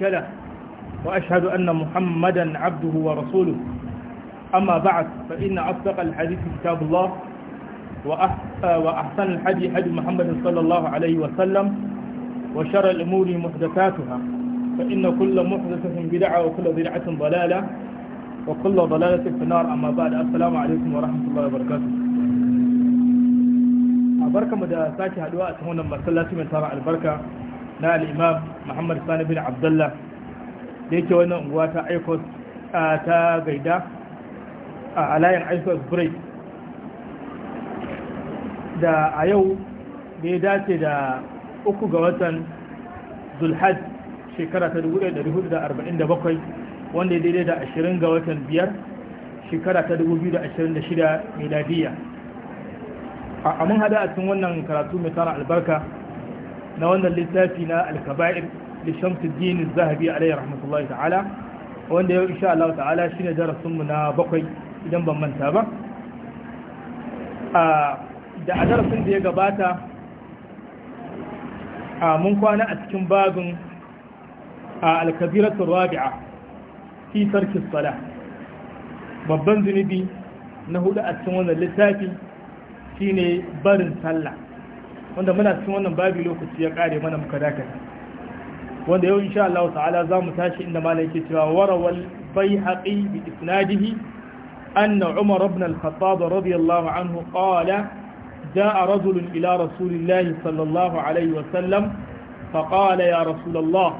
شريك له وأشهد أن محمدا عبده ورسوله أما بعد فإن أصدق الحديث كتاب الله وأحسن الحدي حدي محمد صلى الله عليه وسلم وشر الأمور محدثاتها فإن كل محدثة بدعة وكل بدعة ضلالة وكل ضلالة في النار أما بعد السلام عليكم ورحمة الله وبركاته أبركة مدى ساكي هدواء تهونا مرسلة من ترى البركة نا الإمام muhammad sani bin abdullah da yake wannan unguwa ta aikos ta gaida a layin aikos break da a yau da ya dace da uku ga watan zulhaj shekara ta 1447 wanda ya daidai da 20 ga watan biyar shekara ta 2026 meladiya a mun hada a cikin wannan karatu mai tara albarka na wannan littafi na alkaba'ir da shamsuddin zahabi alayhi rahmatullahi ta'ala wanda yau insha Allah ta'ala shine darasinmu na bakwai idan ban manta ba da a darasin da ya gabata a mun kwana a cikin babin a alkabiratun rabi'a fi sarki sala babban zunubi na hudu a cikin wannan littafi shine barin sallah wanda muna cikin wannan babi lokaci ya kare mana muka dakata wanda yau insha Allah ta'ala za mu tashi inda malai ke cewa warawal bayhaqi bi isnadihi anna umar ibn al-khattab radiyallahu anhu qala jaa rajul ila rasulillahi sallallahu alayhi wa sallam fa qala ya rasulullah فقال يا رسول الله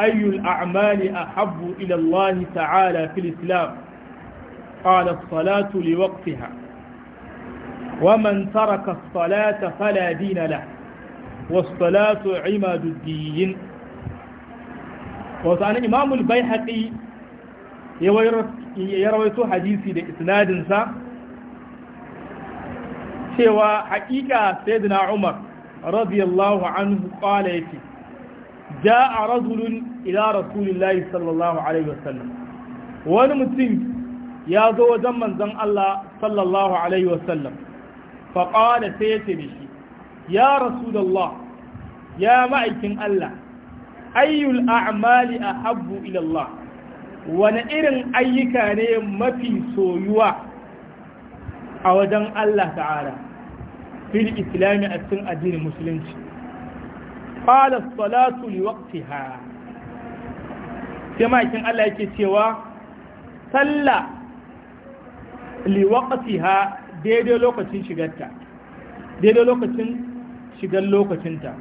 أي الأعمال أحب إلى الله تعالى في الإسلام قال الصلاة لوقتها ومن ترك الصلاة فلا دين له والصلاة عماد الدين wasu anan imamul bai haƙi ya rawaito hadisi da isnadinsa cewa haƙiƙa sai umar radiyallahu anhu ƙwala ya ce ja a razulun ila rasulillahi sallallahu alaihi wasallam wani mutum ya zo wajen manzan Allah sallallahu alaihi wasallam faƙala sai ya ce da shi ya rasulallah ya ma'aikin Allah ayyul a'mali ahabbu ila Allah wani irin ayyuka ne mafi soyuwa a wajen Allah ta'ala fil islami a cikin addinin musulunci qala salatu li waqtiha sai kin Allah yake cewa salla li waqtiha daidai lokacin shigarta daidai lokacin shigar lokacinta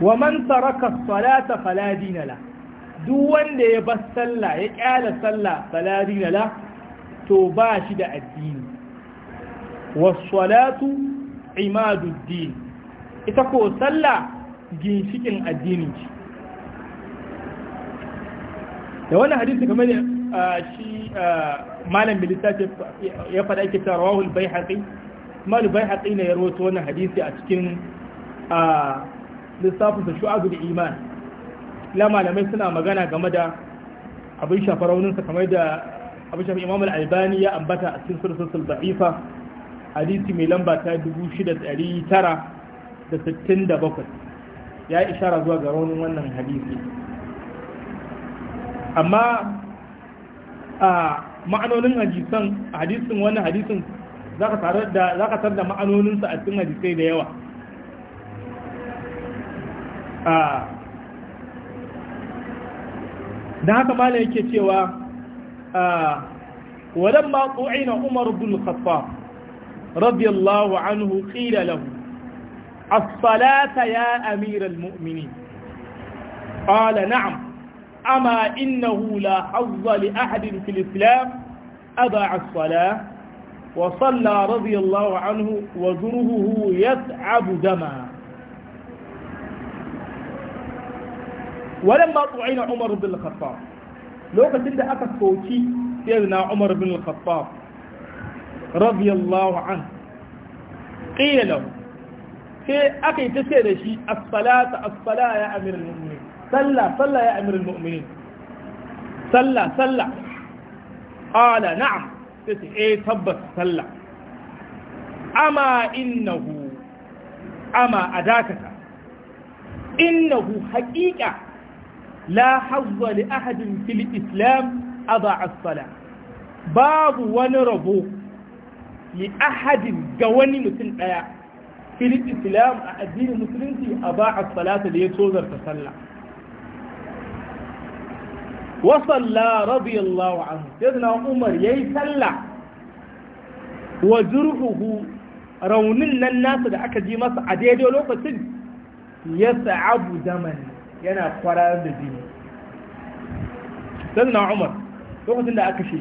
wa man taraka salata fala dinala duk wanda ya bar sallah ya kyala sallah fala dinala to ba shi da addini was salatu din ita ko sallah ginshikin addini ce da wannan hadisi kamar da shi malam bilitafi ya faɗa ake ta rawahul bai haƙi malu bai haƙi na ya rawato wannan hadisi a cikin lissafin sa da iman la malamai suna magana game da abin shafa rauninsa kamar da abin shafi imam al-albani ya ambata a cikin sulhul da'ifa hadisi mai lamba ta 6967 ya ishara zuwa ga raunin wannan hadisi amma a ma'anonin hadisan hadisin wannan hadisin zaka tarar da ma'anoninsa a cikin hadisai da yawa na haka ma yake cewa wadan ma ƙo'ina umar bin khatfa rabbi allahu anhu ƙila lahu asalata ya amir al-mu'mini ƙala na'am ama innahu la hazza li ahadin fil islam aba asala wa salla rabbi allahu anhu wa zuruhu ya dama walan ba tu'ina Umar bin al lokacin da aka soki sayyidina Umar bin al-Khattab radiyallahu anhu qila lahu sai aka ce da shi as-salata as ya amir al-mu'minin sallah sallah ya amir al-mu'minin sallah sallah qala na'am sai eh, tabbas sallah innahu ama la hazza li ahadin fil islam aba as babu wani rabo li ahadin ga wani mutum daya fil islam a addinin musulunci aba as-salata da ya tozarta sallah wa salla radiyallahu anhu sayyidina umar yayi sallah wa zurhuhu raunin nan nasu da aka ji masa a daidai lokacin ya sa'abu zaman yana kwarar da jini sannan umar lokacin da aka shi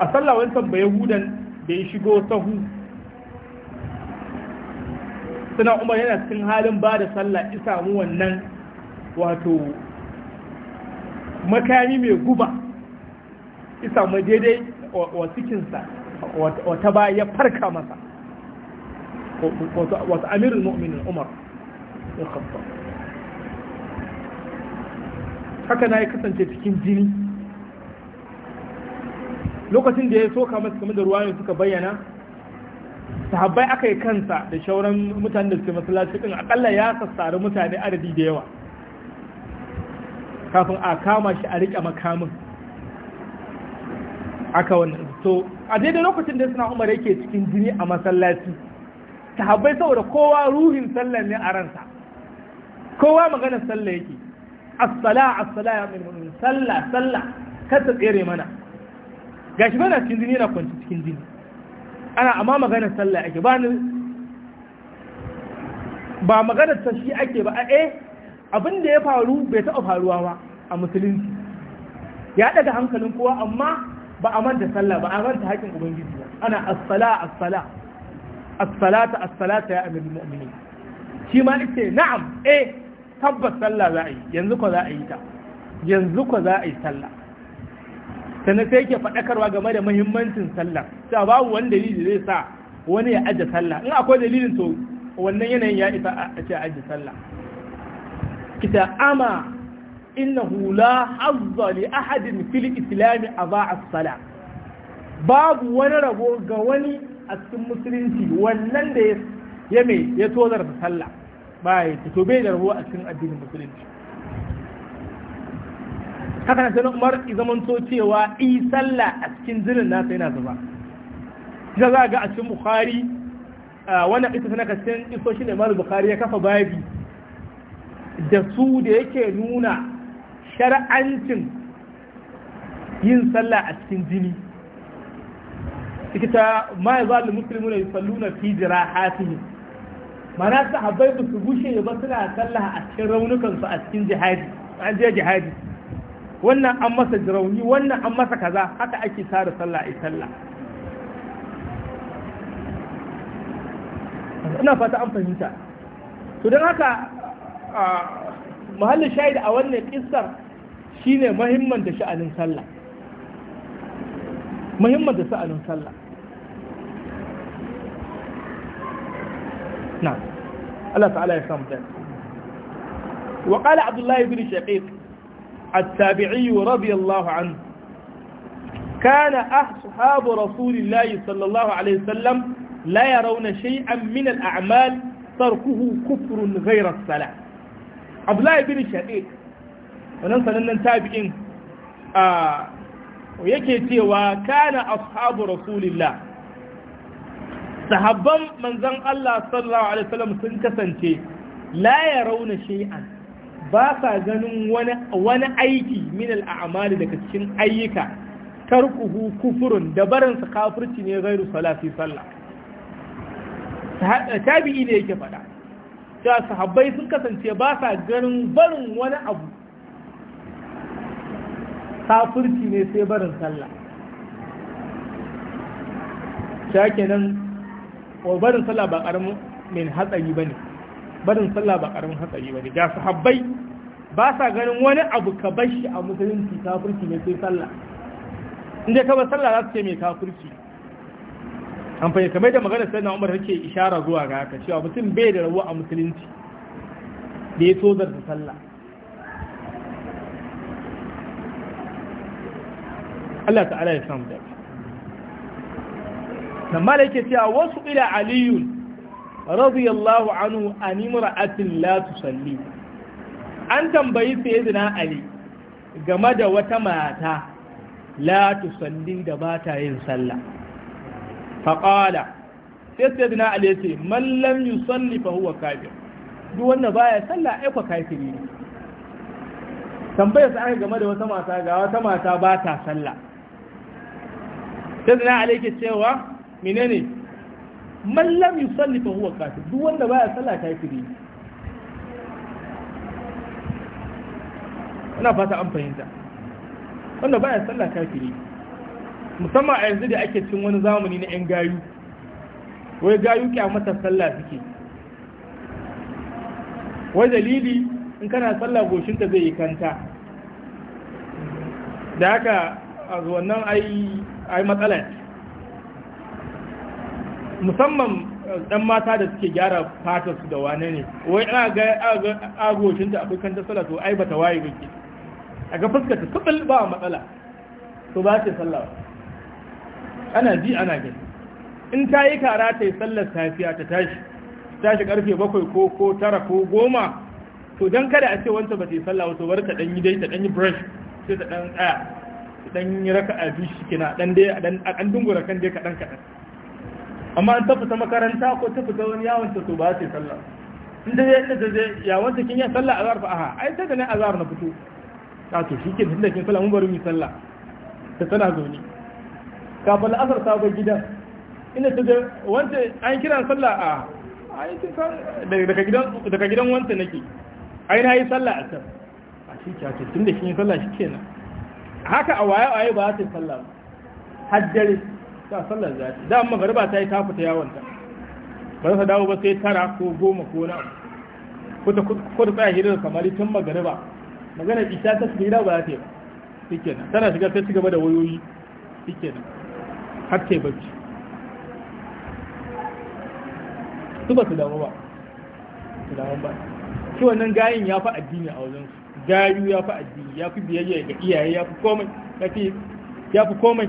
a sallah wani sabba yahudan da ya shigo sahu suna umar yana cikin halin ba da sallah isa mu wannan wato makami mai guba isa ma daidai wa cikinsa wata ba ya farka masa وتأمير amirul عمر umar hakan haka na ya kasance cikin jini lokacin da ya soka masu kamar da ruwa suka bayyana sahabbai aka yi kansa da shauran mutane da suke masallaci din akalla ya sassari mutane adadi da yawa kafin a kama shi a riƙe makamin aka wannan to a daidai lokacin da suna umar yake cikin jini a masallaci sahabbai saboda kowa ruhin sallah ne a ransa kowa magana sallah yake as-sala as-sala ya min sallah sallah kar ta tsere mana gashi bana cikin jini na kwanci cikin jini ana amma magana sallah yake ba ni ba magana ta shi ake ba eh abin da ya faru bai taɓa faruwa ba a musulunci ya daga hankalin kowa amma ba a manta sallah ba a manta haƙin ubangiji ba ana as-sala as-sala as-salata as-salata ya amirul mu'minin shi ma yace na'am eh tabbas sallah za a yi yanzu ko za a yi ta yanzu ko za a yi sallah sannan sai yake faɗakarwa game da muhimmancin sallah cewa babu wani dalili zai sa wani ya aje sallah in akwai dalilin to wannan yanayin ya isa a ce aje sallah kita ama innahu la hazza li ahadin fil islam a as-salah babu wani rabo ga wani a cikin musulunci wannan da ya mai ya tozar da sallah ba ya to bai da a cikin addinin musulunci haka na sanar umar to cewa i sallah a cikin jinin nasa yana zuba ita za ga a cikin bukhari wannan ita tana cikin shi ne mara bukhari ya kafa babi da su da yake nuna shar'ancin yin sallah a cikin jini ikita ma ya zalu muslimu ne yusalluna fi jirahatihi mana sahabbai ba su gushe ba suna sallah a cikin raunukan su a cikin jihadi an je jihadi wannan an masa jirauni wannan an masa kaza haka ake tsara sallah a sallah ina fata an fahimta to don haka mahallin shahid a wannan kissar shine muhimman da sha'anin sallah muhimman da sha'anin sallah na Allah ta'ala ya samu dai wa qala abdullahi ibn shaqiq at-tabi'i radiyallahu anhu kana ashabu rasulillahi sallallahu alaihi wasallam la yarawna shay'an min al-a'mal tarkuhu kufrun ghayra as-salah abdullahi ibn shaqiq wannan sanannen tabi'in a yake cewa kana ashabu rasulillah sahabban manzan Allah sallallahu alaihi wasallam sun kasance la ya rauna shay'an ba sa ganin wani wani aiki min al'amali daga cikin ayyuka tarkuhu kufurun da barin su kafirci ne gairu salati sallah tabi'i ne yake fada cewa sahabbai sun kasance ba sa ganin barin wani abu kafirci ne sai barin sallah shakenan wa barin sallah ba karamin min hatsari bane barin sallah ba karamin hatsari bane ga sahabbai ba sa ganin wani abu ka bar shi a musulunci kafirci ne sai sallah inda ka bar sallah za su ce mai kafirci an fahimta kamar da magana sai na umar take ishara zuwa ga haka cewa mutum bai da rawa a musulunci da ya tozar da sallah Allah ta'ala ya samu dafi kamar yake cewa wasu ila aliyun radiyallahu anhu an imra'atin la tusalli an tambayi sayyidina ali game da wata mata la tusalli da ba ta yin sallah faqala sai sayyidina ali ce man lam yusalli fa huwa kafir duk wanda baya sallah ai kwa kafiri ne tambayar sa aka game da wata mata ga wata mata ba ta sallah sai sayyidina ali ke cewa menene mallam yusalli fa huwa kafir duk wanda baya sallah kafiri ana fata an fahimta wanda baya sallah kafiri musamman a yanzu da ake cin wani zamani na yan gayu wai gayu mata sallah suke wai dalili in kana sallah goshinta zai yi kanta da haka a wannan ai matsala musamman dan eh, mata da suke gyara fatar su da wane ne wai ana ga agoshin da akwai kan tasala to ai bata waye gike a ga fuskar ta kubul ba matsala to ba ta sallah ana ji ana gani in ta yi kara ta yi sallar safiya ta tashi tashi karfe bakwai ko ko tara ko goma to don kada a ce wancan ba ta yi sallah wato bar ta dan yi dai ta dan yi brush sai ta dan tsaya dan yi raka a biyu shi kina dan dai a dan dungura kan dai kaɗan kaɗan amma an ta makaranta ko tafasa wani yawon ta to ba ta sallah in da zai da zai ya ta kin yi sallah a zarfa aha ai ta da ne zarfa na fito ta to shike da kin sallah mun bari mu sallah ta tana zaune. kafin asar ta ga gidan ina ta ga wanda an kira sallah a ai kin daga gidan daga gidan wanda nake ai na yi sallah a can a shi ke da kin yi sallah shi shikenan haka a waye waye ba ta sallah haddare ta sallar za ta da amma garba ta yi ta fita yawonta ba za ta dawo ba sai tara ko goma ko na ko ta kudu tsaya hirar kamari tun magariba magana isa ta shiga gida ba za ta yi ba shike nan tana shiga ta cigaba da wayoyi shike nan har ta yi bacci su ba su damu ba su damu ba shi wannan gayin ya fi addini a wajen gayu ya fi addini ya fi biyayya ga iyaye ya fi komai ya fi komai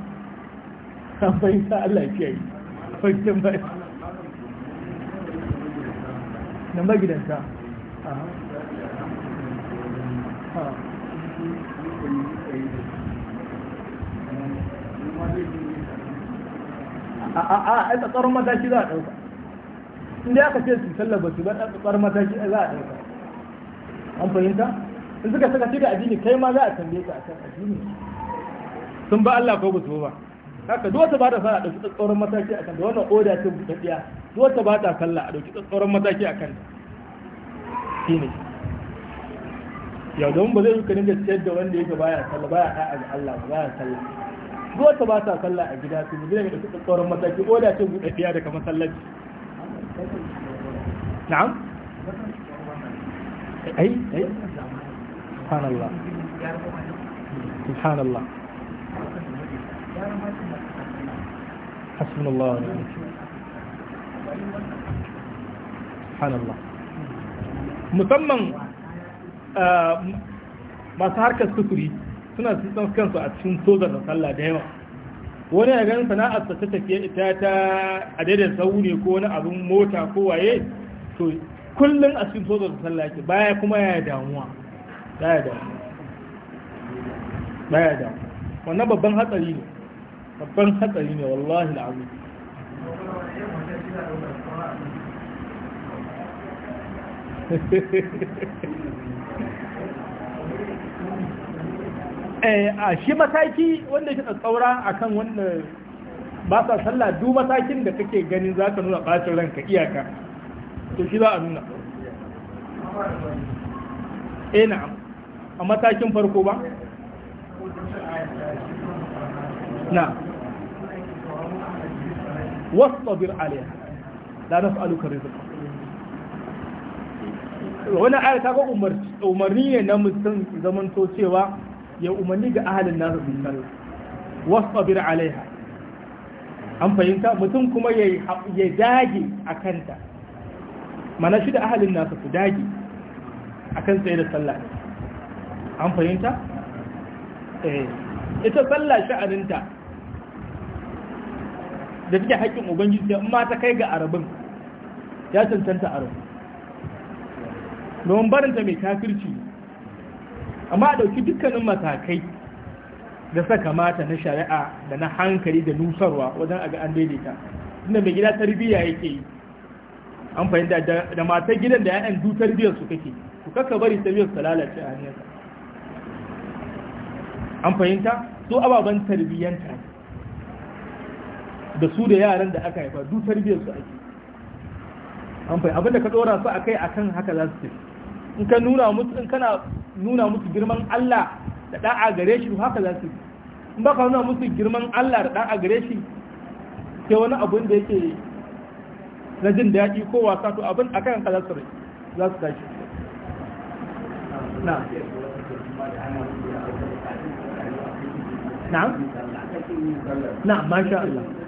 kafin ta Allah ke yi wajen ba na gidanta. a a a tsatsarin mataki za a ɗauka inda aka ce su sallar ba su ba tsatsarin mataki za a ɗauka an fahimta in suka saka shi da addini kai ma za a tambaye ka a sun ba Allah ko ba su ba haka duk wata bata sana a dauki tsatsauran mataki akan da wannan oda ce buɗaɗɗiya duk wata bata sallah a dauki tsatsauran mataki akan ta shine yau don ba zai yi ka dinga ciyar da wanda yake baya sallah baya a ga Allah baya sallah duk wata bata sallah a gida su gida da tsatsauran mataki oda ce da daga masallaci na'am ai ai subhanallah subhanallah hasbunallahu musamman masu harkar sufuri suna sun kansu a cikin tozar da sallah da yawa wani a ganin sana'ar ta tafiye ita ta a daidai sau ne ko wani abin mota ko waye to kullum a cikin tozar da sallah ke baya kuma ya damuwa baya damuwa baya damuwa wannan babban hatsari ne babban hatsari ne wallahi al'azim eh, a shi mataki wanda ke tsaura akan wanda ba sa sallah du matakin da kake ganin za ka nuna ɓacin ranka iyaka to shi za a nuna eh na a matakin farko ba na wastabir alaiha la nas'aluka rizqa wannan ayar ta ga umarni ne na mutum to cewa ya umarni ga ahalin nasa su sallah wasabir alaiha an fahimta mutum kuma ya dage a kanta mana shi da ahalin nasa su dage a kan tsaye da sallah an fahimta? ita sallah sha'aninta da take haƙƙin ubangiji da ma ta kai ga arabin ya cancanta arabu domin barinta mai kafirci amma a ɗauki dukkanin matakai da saka mata na shari'a da na hankali da nusarwa wajen a ga an daidaita inda mai gida tarbiyya yake yi an fahimta da matar gidan da ya'yan du tarbiyyar su kake ku kaka bari tarbiyyar su lalace a hanyar an fahimta so ababen tarbiyyanta ne da su da yaran da aka haifa duk tarbiyyar su ake an fai abinda ka dora su akai akan haka za su ce in ka nuna musu in kana nuna musu girman Allah da da'a gare shi haka za su ce in baka nuna musu girman Allah da da'a gare shi sai wani abin da yake na jin daɗi ko wasa to abin akan haka za su rai za su tashi na na masha Allah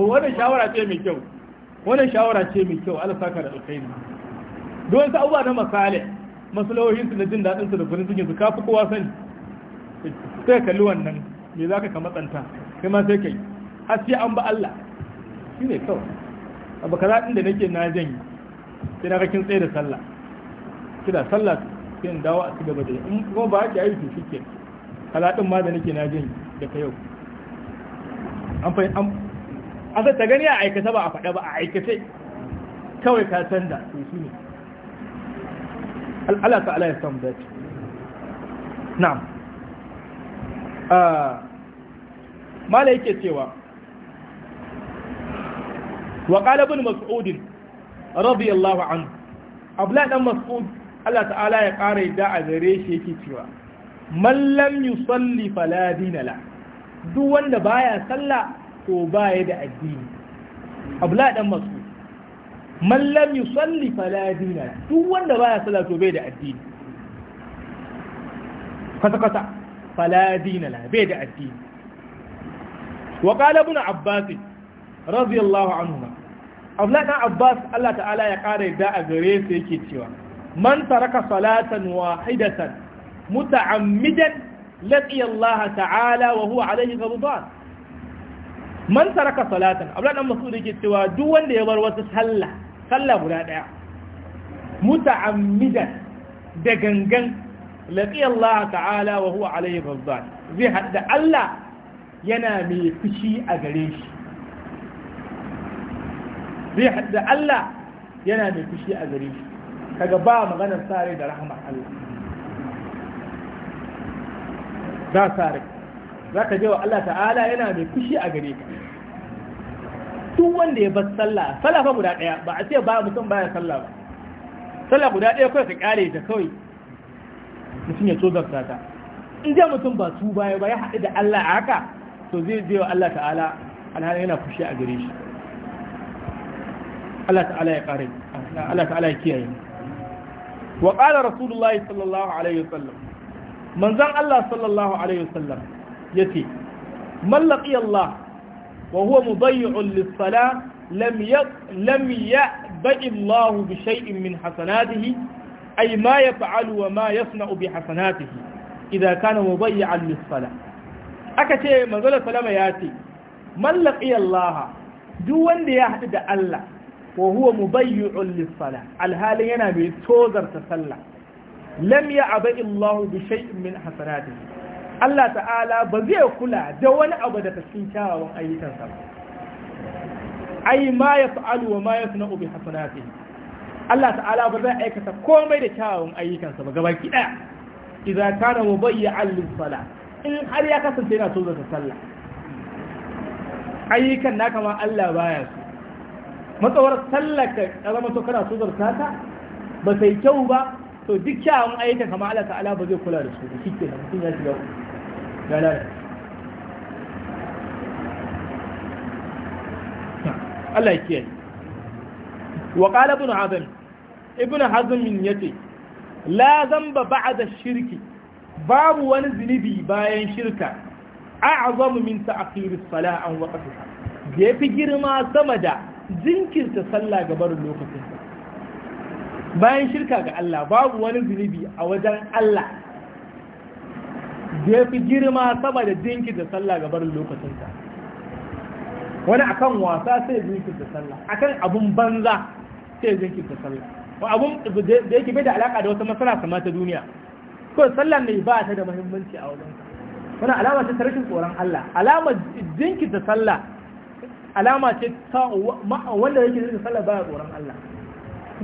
wannan shawara ce mai kyau wannan shawara ce mai kyau ala saka da alkhairi don su abuwa na masalohin su da jin daɗinsu da farin cikinsu ka fi kowa sani sai kalli wannan me za ka ka matsanta kai ma sai kai har sai an ba Allah shi ne kawai abu kaza ɗin da nake na janyi sai na kakin tsaye da sallah kida sallah sai in dawo a cigaba da in kuma ba ki aiki shi kenan kalaɗin ma da nake na da ka yau an fahim an ta gani a aikata ba a faɗa ba a aikata. kawai ka canza to shi ne Allah ala ya samu dace na'am ah, mala yake cewa wa qala Mas'udin mas'ud radiyallahu anhu abla ɗan mas'ud Allah ta'ala ya ƙara yadda a gare shi yake cewa mallam yusalli fala dinala duk wanda baya sallah ko baya da addini abla dan masu mallam yusalli fala dinala duk wanda baya sallah to bai da addini kwata kwata fala dinala bai da addini wa qala ibn abbas radiyallahu anhu abla dan abbas Allah ta'ala ya kare da a gare su yake cewa man taraka salatan wa wahidatan متعمدا لقي الله تعالى وهو عليه غضبان man saraka salatan abla dan masudi yake cewa duk wanda ya bar wata sallah sallah guda daya muta'ammidan da gangan laqiya Allah ta'ala wa huwa alayhi ghadban zai hadda Allah yana mai fushi a gare shi zai hadda Allah yana mai fushi a gare shi kaga ba maganar sare da rahmar Allah za sa rai za ka je wa Allah ta'ala yana mai kushi a gare ka tun wanda ya bar sallah sallah fa guda daya ba a ce ba mutum baya sallah ba sallah guda daya kawai ka kare ta kawai mutum ya tozar ta in ji mutum ba su baya ba ya haɗu da Allah a haka to zai je wa Allah ta'ala alhali yana kushi a gare shi Allah ta'ala ya kare Allah ta'ala ya kiyaye wa qala rasulullahi sallallahu alaihi wasallam manzan Allah sallallahu alaihi wasallam yace mallaqi Allah wa huwa mudayyi'un lis-salah lam ya lam ya'badi Allah bi shay'in min hasanatihi ay ma yaf'alu wa ma yasna'u bi hasanatihi idza kana mudayyi'an lis-salah aka ce manzon sallama yace mallaqi Allah duk wanda ya hadu da Allah wa huwa mudayyi'un lis-salah alhalin yana mai tozarta sallah lam ya aba illahu bi shay'in min hasanatihi Allah ta'ala ba zai kula da wani abu daga cikin kyawawan ayyukansa ba ai ma yaf'alu wa ma yasna'u bi hasanatihi Allah ta'ala ba zai aikata komai da kyawawan ayyukansa ba gaba kida idza kana mubayyi'an lis salah in har ya kasance yana so zaka sallah ayyukan naka ma Allah baya so matsawar sallaka ka zama to kana so zarta ba sai kyau ba to duk kyawun ayyuka kamar Allah ta'ala ba zai kula da su da shi kenan mutum ya shiga ya lalata Allah ya kiyaye wa qala ibn hazm ibn hazm yace la zamba ba'da shirki babu wani zunubi bayan shirka a'zamu min ta'khir as-salah an waqtiha yafi girma sama da jinkirta sallah barin lokacin bayan shirka ga Allah babu wani zunubi a wajen Allah da ya fi girma sama da jinki da sallah ga barin lokacinsa wani akan wasa sai jinki da sallah akan abun banza sai jinki da sallah abun da yake bai da alaka da wata masana sama ta duniya ko sallah mai ba ta da muhimmanci a wajen wani alama ce ta rashin tsoron Allah alama jinki da sallah alama ce ta wanda yake jinki da sallah ba tsoron Allah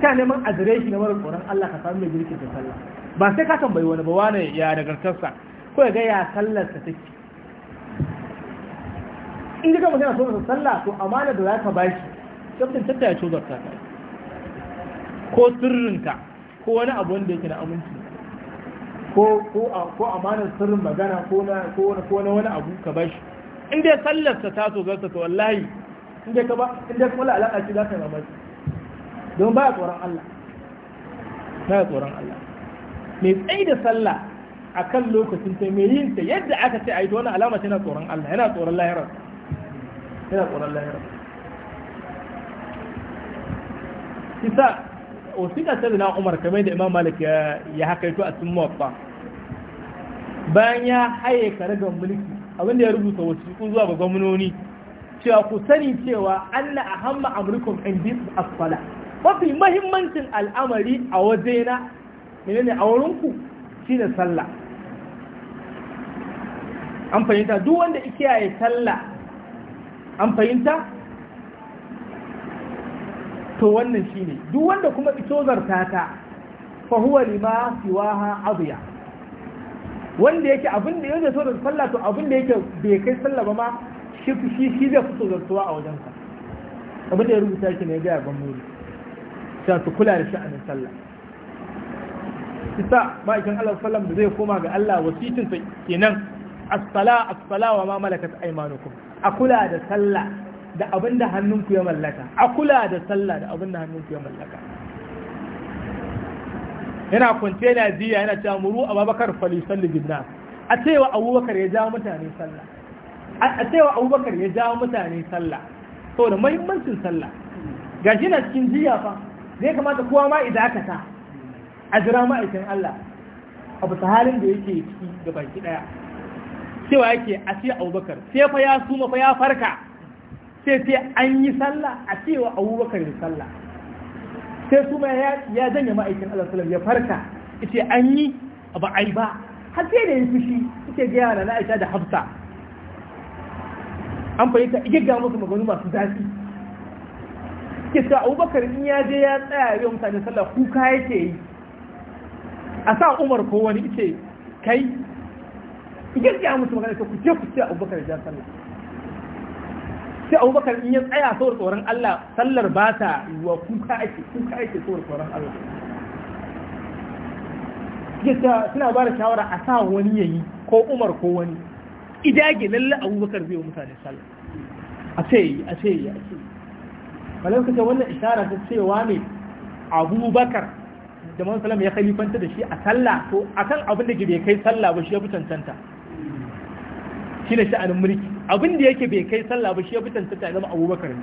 ka neman adireshi na marar tsoron Allah ka samu mai girkin da sallah ba sai ka tambayi wani ba wani ya nagartarsa ko ya ga ya sallar ta take in ji kama kana so sallah to amana da za ka ba shi kafin tattaya cozar ta kai ko sirrinka ko wani abu wanda yake na aminci ko ko amanar sirrin magana ko na ko na wani abu ka ba shi, in dai sallar ta taso zarta to wallahi in dai ka ba in dai kuma alaka shi za ka yi mamaki don ba tsoron Allah ba tsoron Allah mai tsayi da sallah a kan lokacin ta mai yin ta yadda aka ce a yi wani alama yana tsoron Allah yana tsoron lahirar yana tsoron lahirar isa wasiƙa ta na umar kamar da imam malik ya haka yato a cikin muwaffa bayan ya haye karagar mulki abinda ya rubuta sun zuwa ga gwamnoni cewa ku sani cewa a hamma amrikum in this asfala. mafi mahimmancin al'amari a waje na, mene ne a wurinku ne sallah an fahimta duk wanda yi sallah an fahimta to wannan shi ne. duk wanda kuma ito zarta ta fahuwa lima ha abuya wanda yake abin da so da sallah to abin da yake bai kai sallah ba ma shi shi zai fito zartuwa a wajensa abin da ya rubuta shi ne ga ban muri cewa su kula da sha'anin sallah isa ma'aikin Allah sallam da zai koma ga Allah wasitin sa kenan as-sala as-sala wa ma malakat aymanukum a kula da sallah da abinda hannunku ya mallaka a kula da sallah da abinda hannunku ya mallaka yana kwance yana jiya yana cewa muru abubakar falisalli jinna a cewa abubakar ya jawo mutane sallah a cewa abubakar ya jawo mutane sallah saboda muhimmancin sallah Gashi na cikin jiya fa zai kamata kowa ma idan aka sa a jira ma'aikin Allah a bisa halin da yake ciki da baki daya cewa yake a ce abubakar sai fa ya suma fa ya farka sai ce an yi sallah a cewa abubakar ya sallah sai suma ya janye ma'aikin Allah sallam ya farka ce an yi ba ai ba har sai da ya fushi ga gaya na Aisha da Hafsa an fahimta igagga musu maganu masu zafi suke abubakar in ya je ya tsaya yau mutane sallah kuka yake yi a sa umar ko wani ice kai ya musu magana ce ku je ku ce abubakar ya sallah sai abubakar in ya tsaya saboda tsoron Allah sallar ba ta yiwuwa kuka ake kuka ake saboda tsoron Allah gaskiya suna ba da shawara a sa wani ya yi ko umar ko wani idage lalle abubakar zai wa mutane sallah a ce yi a ce yi a ce yi malam suka wannan ishara ta cewa ne abubakar da man salam ya khalifanta da shi a sallah to akan abin da ke bai kai sallah ba shi ya fi cancanta shi ne sha'anin mulki abin da yake bai kai sallah ba shi ya fi cancanta ya zama abubakar ne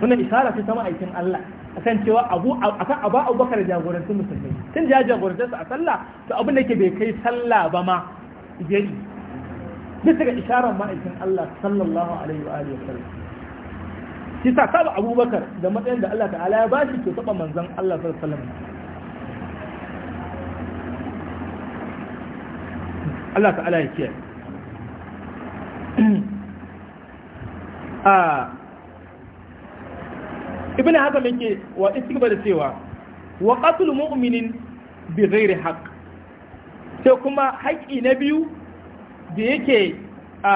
wannan ishara ta ta ma'aikin Allah a kan cewa abu akan abu abubakar jagorancin musulmai tun ya jagorantar su a sallah to abin da yake bai kai sallah ba ma yayi bisa ga isharar ma'aikin Allah sallallahu alaihi wa alihi wa sallam shi sa sabu abubakar da matsayin da Allah ta'ala ya shi ke saba manzan Allah sallallahu alaihi wasallam Allah ta'ala ya kiyaye a ibn hazm yake wa istighfar da cewa wa qatl mu'minin bi ghairi haqq sai kuma haƙi na biyu da yake a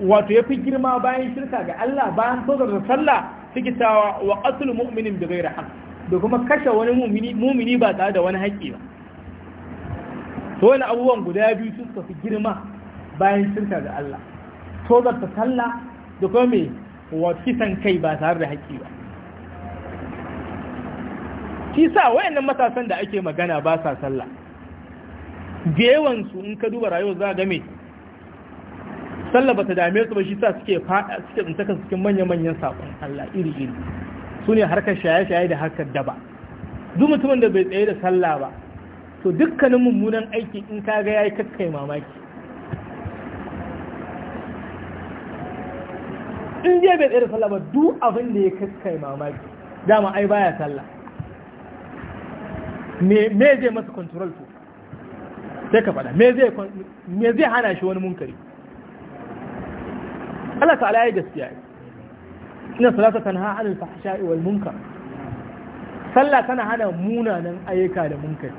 wato ya fi girma bayan shirka ga Allah bayan tozar da sallah suke wa qatlul mu'minin da ghairi haqq da kuma kashe wani mumini ba tare da wani haƙƙi ba to wani abubuwan guda biyu sun fi girma bayan shirka ga Allah tozar da sallah da kuma mai wato kisan kai ba tare da haƙƙi ba shi sa wayannan matasan da ake magana ba sa sallah da yawansu in ka duba rayuwar za ga me sallah ba ta dame su ba shi sa suke fada suke tsaka cikin manya-manyan saƙon Allah iri-iri su ne harkar shaye-shaye da harkar daba duk mutumin da bai tsaye da sallah ba to dukkanin mummunan aiki in ka ga yayi kakkai mamaki in je bai tsaye da sallah ba duk abin da ya kakkai mamaki dama ai baya sallah me me zai masa control to sai ka faɗa me zai me zai hana shi wani munkari Allah ta'ala ya gaskiya ina salata tanha anil fahsha'i wal munkar sallah tana hana munanan ayyuka da munkari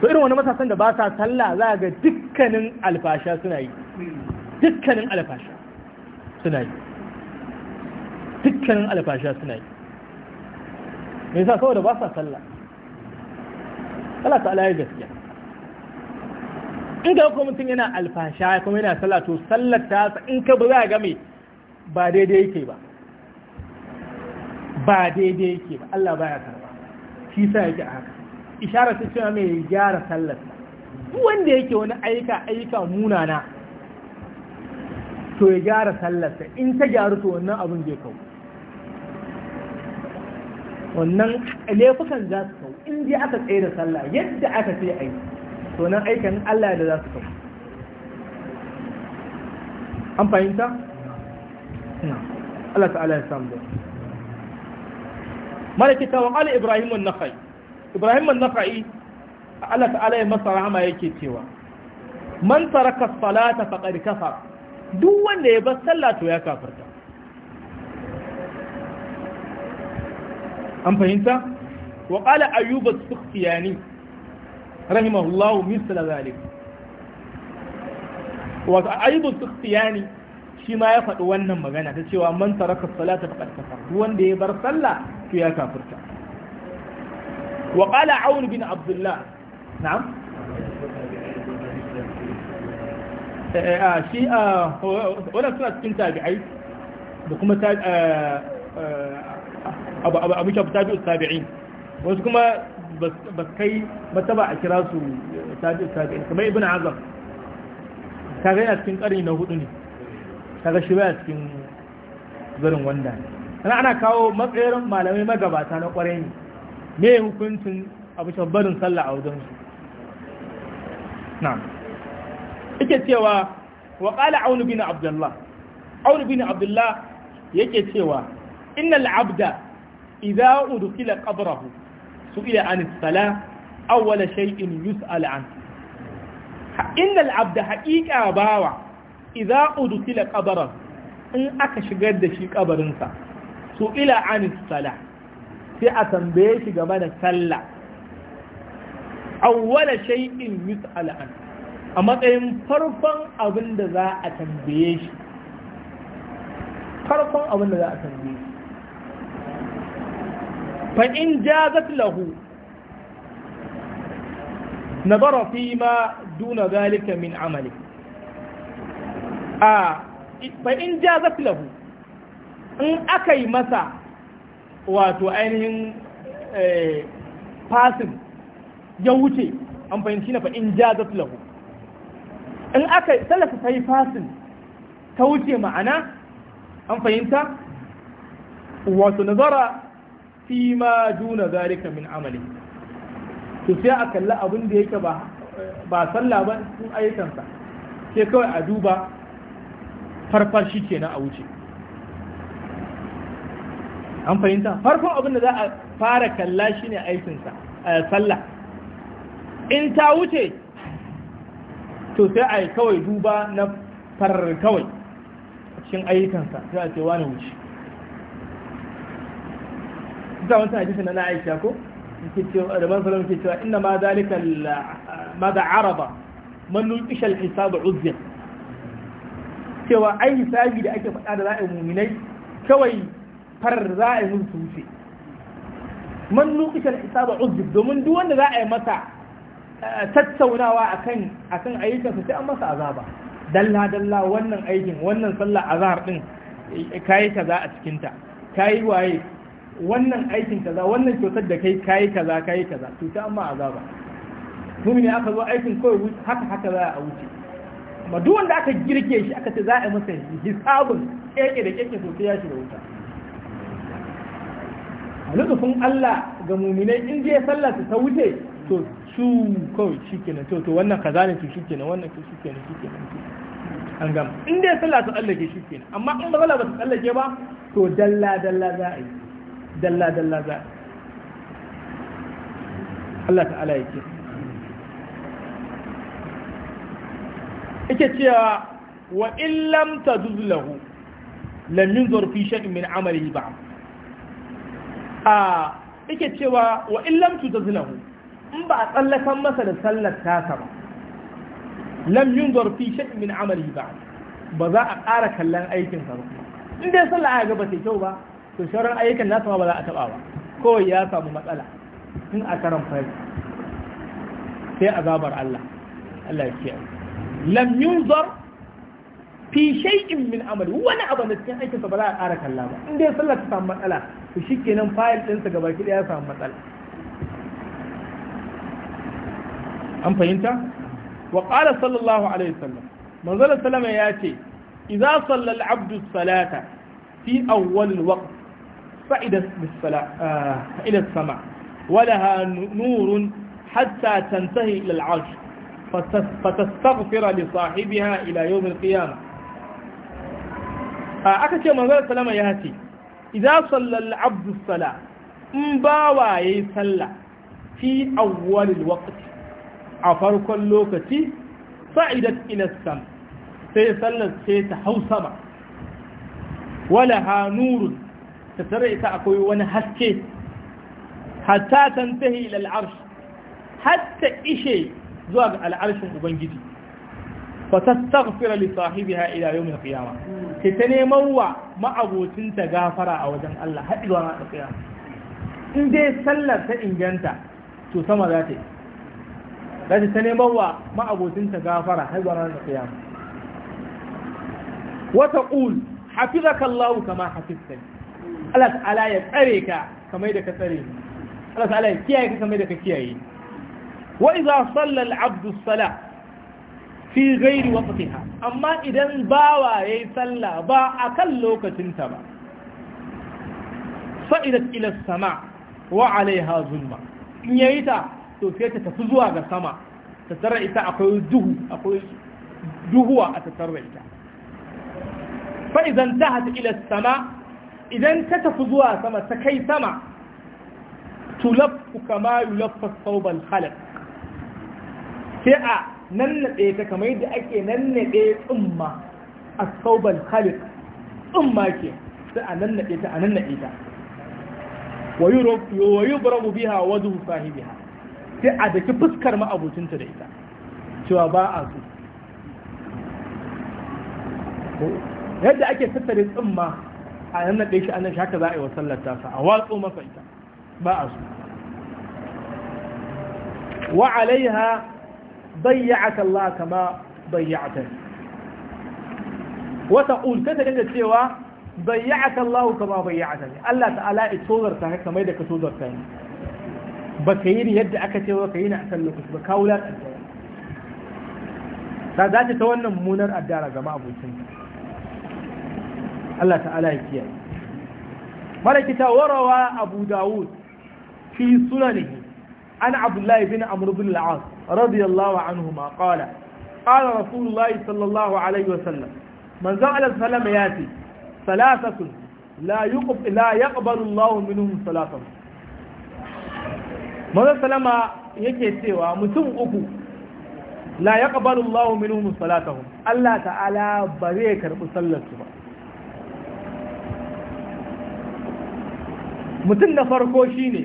to irin wani matasan da ba sa sallah za ga dukkanin alfasha suna yi dukkanin alfasha suna yi dukkanin alfasha suna yi me yasa kawai da ba sa sallah Allah ta'ala ya gaskiya in ga kuma mutum yana alfasha kuma yana salatu to sallar ta in ka ba za ga mai ba daidai yake ba ba daidai yake ba Allah baya karba shi sa yake a haka isharar ta cewa mai gyara sallar duk wanda yake wani aika aika munana to ya gyara sallar in ta gyaru to wannan abin zai kawo wannan laifukan za su kawo in dai aka tsaye da sallah yadda aka ce aiki. to nan aikin Allah da za su kawo an fahimta? Allah ta'ala ya samu da malaki ta wa'ala Ibrahim al-Nakhai Ibrahim al-Nakhai Allah ta'ala ya masa rahama yake cewa man taraka salata faqad kafara duk wanda ya bar sallah to ya kafirta an fahimta wa qala ayyub as rahimahullahu misla zalik wato aibu shi ma ya faɗi wannan magana ta cewa man taraka salata faqad kafar wanda ya bar sallah to ya kafirta wa qala aun bin abdullah na'am ba kai mataba a kira su tabi'in kamar ibn azam kaga yana cikin karni na hudu ne kaga shi baya cikin zarin wanda ana ana kawo matsayin malamai magabata na kwarai ne me hukuncin abu shabbarin sallah a wajen su na ike cewa wa qala aunu bin abdullah aunu bin abdullah yake cewa innal abda idza udkhila qabrahu سئل عن الصلاة أول شيء يسأل عنه إن العبد حقيقة باوع إذا أدخل قبره إن أكشغد شي قبرنسا سئل عن الصلاة في أتنبيش قبل صلى أول شيء يسأل عنه a matsayin farkon abin da za a tambaye shi farkon abin da za a tambaye shi fa in jazat lahu nazara fi ma duna zalika min amali a fa in jazat lahu in aka masa wato ainihin fasin eh, ya wuce an fahimci na fa in jazat lahu in aka ta yi fasin wuce ma'ana an fahimta wato nazara fi ma duna zalika min amali to sai a kalla abin da yake ba ba sallah ba sun ayyukansa sai kawai a duba farfar shi kenan a wuce an fahimta farkon abin da za a fara kalla shi ne aikinsa a sallah in ta wuce to sai a yi kawai duba na farar kawai cikin ayyukansa sai a ce wani wuce sa wancan hadisi na Aisha ko yake cewa da ban salama yake cewa inna ma zalika ma da araba man nuqisha al hisab uzza cewa ai hisabi da ake faɗa da za'a mu'minai kawai far za'a mun su wuce man nuqisha al hisab uzza domin duk wanda yi masa eh, tattaunawa akan akan ayyukansa sai an masa azaba dalla dalla wannan aikin wannan sallar azhar din ta eh, kaza a cikinta kai waye wannan aikin kaza wannan kyautar da kai kayi kaza kayi kaza to ta amma azaba mumini aka zo aikin kawai haka haka za a wuce amma duk wanda aka girke shi aka ce za a masa hisabun keke da keke sosai ya shiga wuta a lutufin Allah ga mumine in je sallar ta wuce to su kawai shikenan to to wannan kaza ne to shikenan wannan to shikenan shikenan an gama in dai sallah ta tsallake shikenan amma in ba sallah ba ta tsallake ba to dalla dalla za a yi dalla dalla za Allah ta'ala yake yake cewa wa illam tajuz lahu lam yunzur fi shay'in min amalihi ba a yake cewa wa illam tajuz lahu in ba a tsallakan masa da sallar tasa ba lam yunzur fi shay'in min amalihi ba ba za a ƙara kallon aikin ba in dai sallar aka ga ba ta kyau ba to sauran ayyukan nasa ma ba za a taɓa ba kowai ya samu matsala tun a karan fari sai azabar Allah Allah ya kiyaye lam yunzar fi shay'in min amali wani abu da cikin aikinsa ba za a ƙara kalla ba in dai sallar ta samu matsala to shikenan fayil ɗinsa gaba ki ya samu matsala an fahimta wa qala sallallahu alaihi wasallam manzon sallama ya ce idza sallal abdu salata fi awwal waqt آه، إلى السماء ولها نور حتى تنتهي إلى العرش فتستغفر لصاحبها إلى يوم القيامة أكتب من ذلك سلام هاتي إذا صلى العبد الصلاة مباوى يصلى في أول الوقت عفرك اللوكة صعدت إلى السماء سيصلى سيتحو ولها نور tattare ita akwai wani haske hatta tantahi ila al'arsh hatta ishe zuwa ga al'arshin ubangiji fa tastaghfira li sahibiha ila yawm al-qiyamah sai ta neman wa ma'abocin ta gafara a wajen Allah har zuwa ranar kiyama in dai sallar ta inganta to sama za ta yi za ta neman wa ma'abocin ta gafara har zuwa ranar kiyama wata ƙul hafizaka Allah kama hafiztani Allah ta'ala ya tsare ka kamar da ka tsare Allah ta'ala ya kiyaye ka kamar da ka kiyaye wa idza salla al-abdu as-salah fi ghairi waqtiha amma idan bawa yayi sallah ba akan lokacinta ba fa'idat ila as-sama wa 'alayha zulma in yayi ta to sai ta tafi zuwa ga sama ta tarra ita akwai duhu akwai duhuwa a ta tarra ita fa idan tahat ila as-sama idan ka tafi zuwa sama ta kai sama tulaffu kama yulaffa saubal halak sai a nannaɗe ta kamar yadda ake nannaɗe tsumma a saubal halak tsumma ke sai a nannaɗe ta a nannaɗe ta wa yi burabu biha wazu sahibiha sai a daki fuskar ma'abucinta da ita cewa ba a su yadda ake tattare tsumma a nan naɗe shi annan haka za a yi wa sallar tasa a watsu masa ita ba a su wa alaiha bayya'aka Allah kama bayya'ata wata ulka ta dinga cewa bayya'aka Allah kama bayya'ata ne Allah ta'ala ya tozarta ka kamar da ka tozarta ne ba ka yi yadda aka ce ba ka yi na kan lokaci ba ka wulaƙanta ta za ta wannan munar addara ga ma'abocinta Allah ta'ala ya kiyaye malaki ta warawa abu dawud fi sunanihi an abdullahi bin amr bin al-as radiyallahu anhu ma qala qala rasulullahi sallallahu alaihi wasallam man za'ala salama yati salasatun la yuqb la yaqbalu Allah minhum salatahum manzo salama yake cewa mutum uku la yaqbalu Allah minhum salatahum Allah ta'ala ba zai karbi sallar su ba mutum na farko shine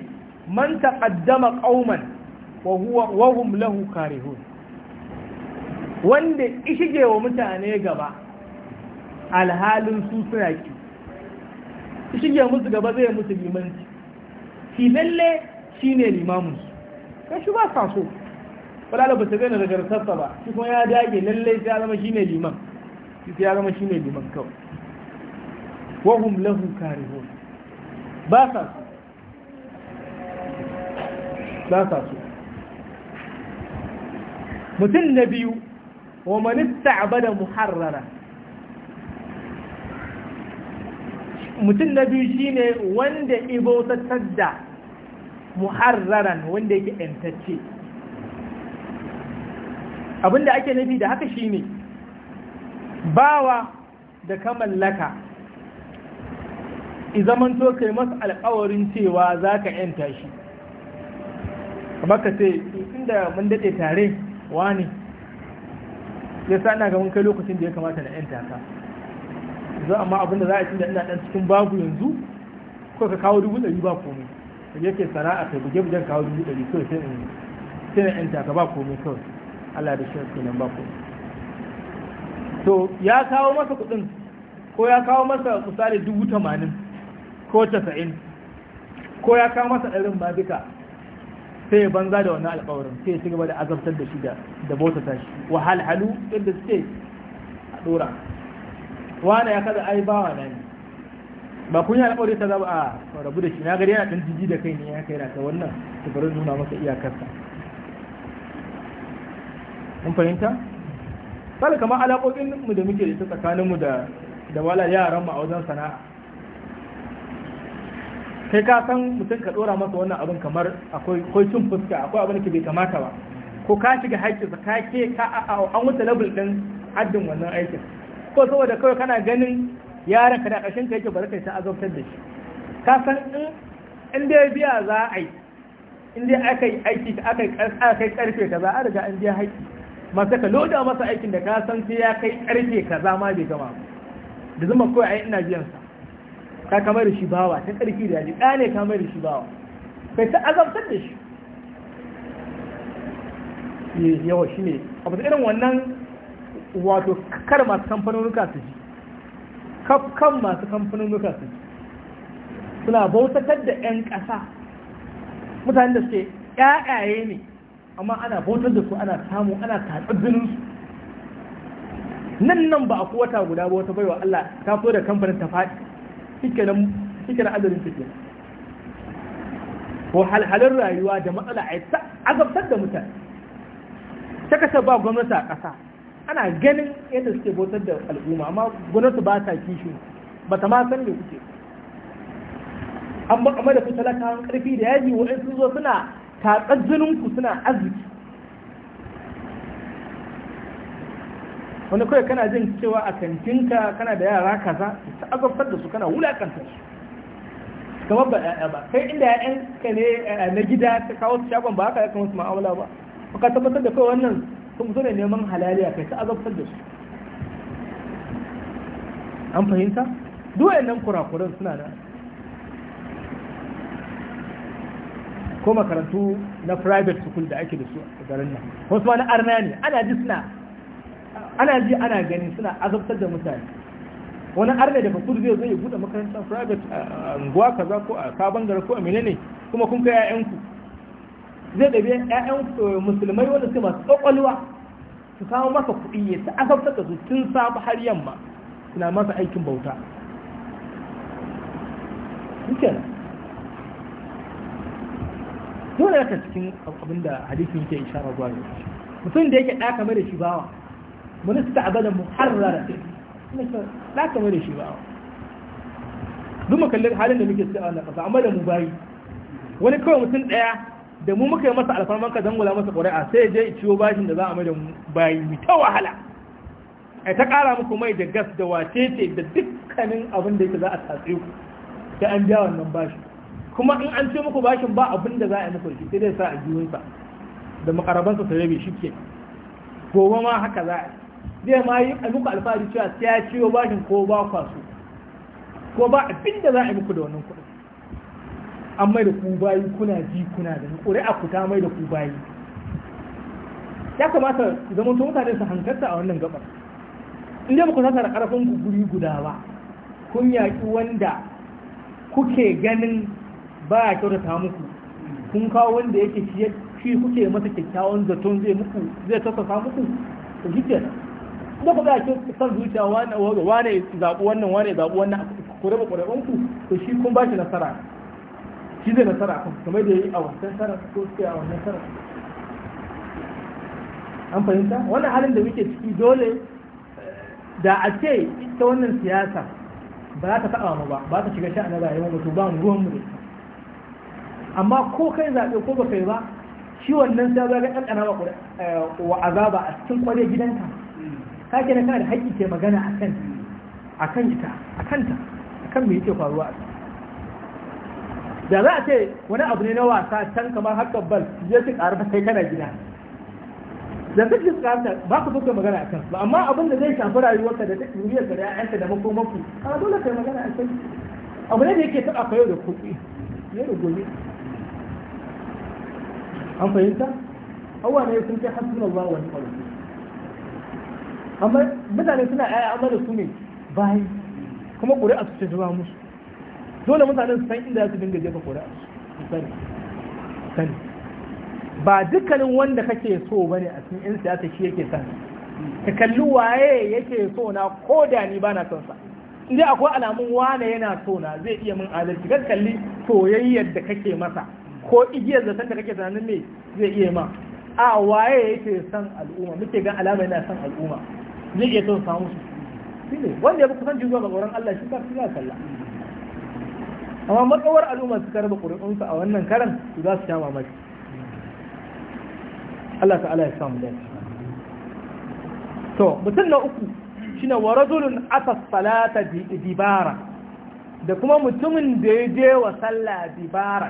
man taqaddama qauman wa huwa wa hum lahu karihun wanda ishige wa mutane gaba alhalin su suna ki ishige musu gaba zai musu limanci shi lalle shine ne limamunsu kai shi ba sa so falala ba ta gane nagartarsa ba shi kuma ya dage lalle sai ya zama shine liman sai ya zama shine liman kawai wa hum lahu karihun ba sa su ba sa su mutum na biyu wa manista abada muharrara mutum na biyu shi ne wanda ibautattar da muharraran wanda yake ‘yantacce abinda ake nufi da haka shi ne. bawa da ka mallaka zaman to kai masa alkawarin cewa za ka yanta shi kamar ka ce inda mun daɗe tare wani ya sa ina gaban kai lokacin da ya kamata na yanta ka za amma abinda za a cin da ina ɗan cikin babu yanzu ko ka kawo dubu ɗari ba komai ka je kai sana'a kai buge bugen kawo dubu ɗari kawai sai na yanta ka ba komai kawai Allah da shi kenan ba komai to ya kawo masa kuɗin ko ya kawo masa misali dubu tamanin ko tasa'in ko ya kawo masa ɗarin ba duka sai ya banza da wannan alƙawarin sai ya ci gaba da azabtar da shi da bota ta shi wahalhalu inda suke a ɗora Wani ya kada ai bawa na ne ba kun yi alƙawari ta zaba a rabu da shi na gari yana ɗan jiji da kai ne ya kai ta wannan bari nuna masa iyakarsa mun fahimta kala kamar alaƙoƙin mu da muke da su tsakaninmu da da wala yaran mu a wajen sana'a kai ka san mutum ka dora masa wannan abin kamar akwai akwai cin fuska akwai abin da bai kamata ba ko ka shiga haƙƙi ka ke ka an wuce level din addin wannan aikin ko saboda kawai kana ganin yaran ka da ƙarshen ka yake bari kai ta azabtar da shi ka san in dai biya za a yi in dai aka yi aiki aka kai karfe kaza a riga an biya haƙƙi masu ka loda masa aikin da ka san sai ya kai karfe kaza ma bai gama ba da zuma kawai ai ina biyan sa ka kama da shi bawa ta ƙarfi da yaji ɗa ne kama da shi bawa bai ta azabtar da shi yawa shi ne a bata irin wannan wato kar masu kamfanonuka su ji kan masu kamfanonuka su ji suna bautatar da 'yan ƙasa mutane da suke ƴaƴaye ne amma ana bautar da su ana samu ana tatsar jininsu nan nan ba a wata guda ba wata baiwa Allah ta fi da kamfanin ta faɗi shikenan shikenan azarin su ko halhalin rayuwa da matsala a azabtar da mutane ta kasa ba gwamnati a ƙasa ana ganin yadda suke bautar da al'umma amma gwamnati ba ta kishi ba ta ma san me kuke an ba da su talakawan ƙarfi da yaji wa'in sun zo suna tatsar jinin suna arziki wani kawai kana jin cewa a kantinka kana da yara kaza ta azabtar da su kana wulakanta su kamar ba ɗaya ba kai inda ya'yan ka ne na gida ta kawo su shagon ba haka ya kamata ma'amala ba ba ka tabbatar da kawai wannan sun zo ne neman halaliya kai ta azabtar da su an fahimta duk nan kurakuran suna da ko makarantu na private school da ake da su a garin nan wasu ma na arna ne ana jisna ana ji ana gani suna azabtar da mutane wani arna daga kudu zai zai buɗe makarantar private a unguwa kaza ko a sabon gara ko a menene kuma kun kai ƴaƴanku zai ɗabi ƴaƴan eh, musulmai wanda su masu ƙwaƙwalwa su kawo masa kuɗi ya ta azabtar da su tun safe har yamma suna masa aikin bauta shikenan dole ka cikin abinda hadisin yake isharar zuwa ga mutum da yake ɗaka mai da shi bawa mun ista'bada muharrara la kamar da shi ba duk mu kalli halin da muke cikin a wannan kasa amma da mu bayi wani kawai mutum daya da mu muka yi masa alfarman ka zangula masa ƙuri'a sai je ciwo bashin da za a mai da mu bayi mu ta wahala ai ta ƙara muku mai da gas da wacece da dukkanin abin da yake za a tatsi ku da an biya wannan bashin kuma in an ce muku bashin ba abin da za a yi muku shi sai dai sa a jiyunsa da makarabansa su rabe shi ke gobe ma haka za a yi zai ma yi a muku alfahari cewa sai ya ciwo bashin ko ba kwaso ko ba abin da za a yi muku da wannan kuɗi an mai da ku bayi kuna ji kuna da ƙuri'a ku ta mai da ku bayi ya kamata ku zama mutane su hankalta a wannan gabar in dai muku sasa karfin ku guri guda ba kun yaƙi wanda kuke ganin ba ya kyautata muku kun kawo wanda yake shi kuke masa kyakkyawan zaton zai muku zai tasa muku da ku za ki san zuciya wane zaɓi wannan wane zaɓi wannan ku raba ƙwararrun ku to shi kun ba shi nasara shi zai nasara kuma kamar da ya yi a wancan sarar ko suke a wancan sarar an fahimta wannan halin da muke ciki dole da a ce ita wannan siyasa ba za ta taɓa mu ba ba ta shiga sha'anin rayuwar mutum ba mu ruwan mu ne amma ko kai zaɓe ko ba kai ba shi wannan sai zaga ɗanɗana eh, wa azaba a cikin ƙwarya gidanka kage na kana da haƙƙi ke magana akan akan ita akan ta akan me yake faruwa da za a ce wani abu ne na wasa can kamar hakan bal ya ci ƙarfa sai kana gida da duk lissafinta ba ku duka magana a kan ba amma abin da zai shafi rayuwarka da duk duniyarka da ƴaƴanka da makomanku a dole kai magana a kan. abu ne da yake taɓa ka yau da kuɗi yau da gobe an fahimta awa ne sun kai hasbun Allah wani ƙwarfi amma mutane suna aya amma da su ne bayi kuma ƙuri'a su ce zuwa musu dole mutanen su san inda za su dinga jefa ƙuri'a su sani sani ba dukkanin wanda kake so ba ne a cikin yan siyasa shi yake sani ka kalli waye yake so na ko da ni ba na son sa in dai akwai alamun wane yana so na zai iya min adalci kan kalli soyayyar da kake masa ko igiyar zaton da kake tunanin me zai iya ma a waye yake son al'umma muke gan alama yana son al'umma zai iya son samu su shine wanda ya kusan zuwa ga wurin Allah shi ba su ya kalla amma matsawar al'umma suka raba ƙuri'unsu a wannan karan su za su sha mamaki Allah ta'ala ya samu da to mutum na uku shi shine wa rajulun ata salata dibara da kuma mutumin da ya je wa sallah dibara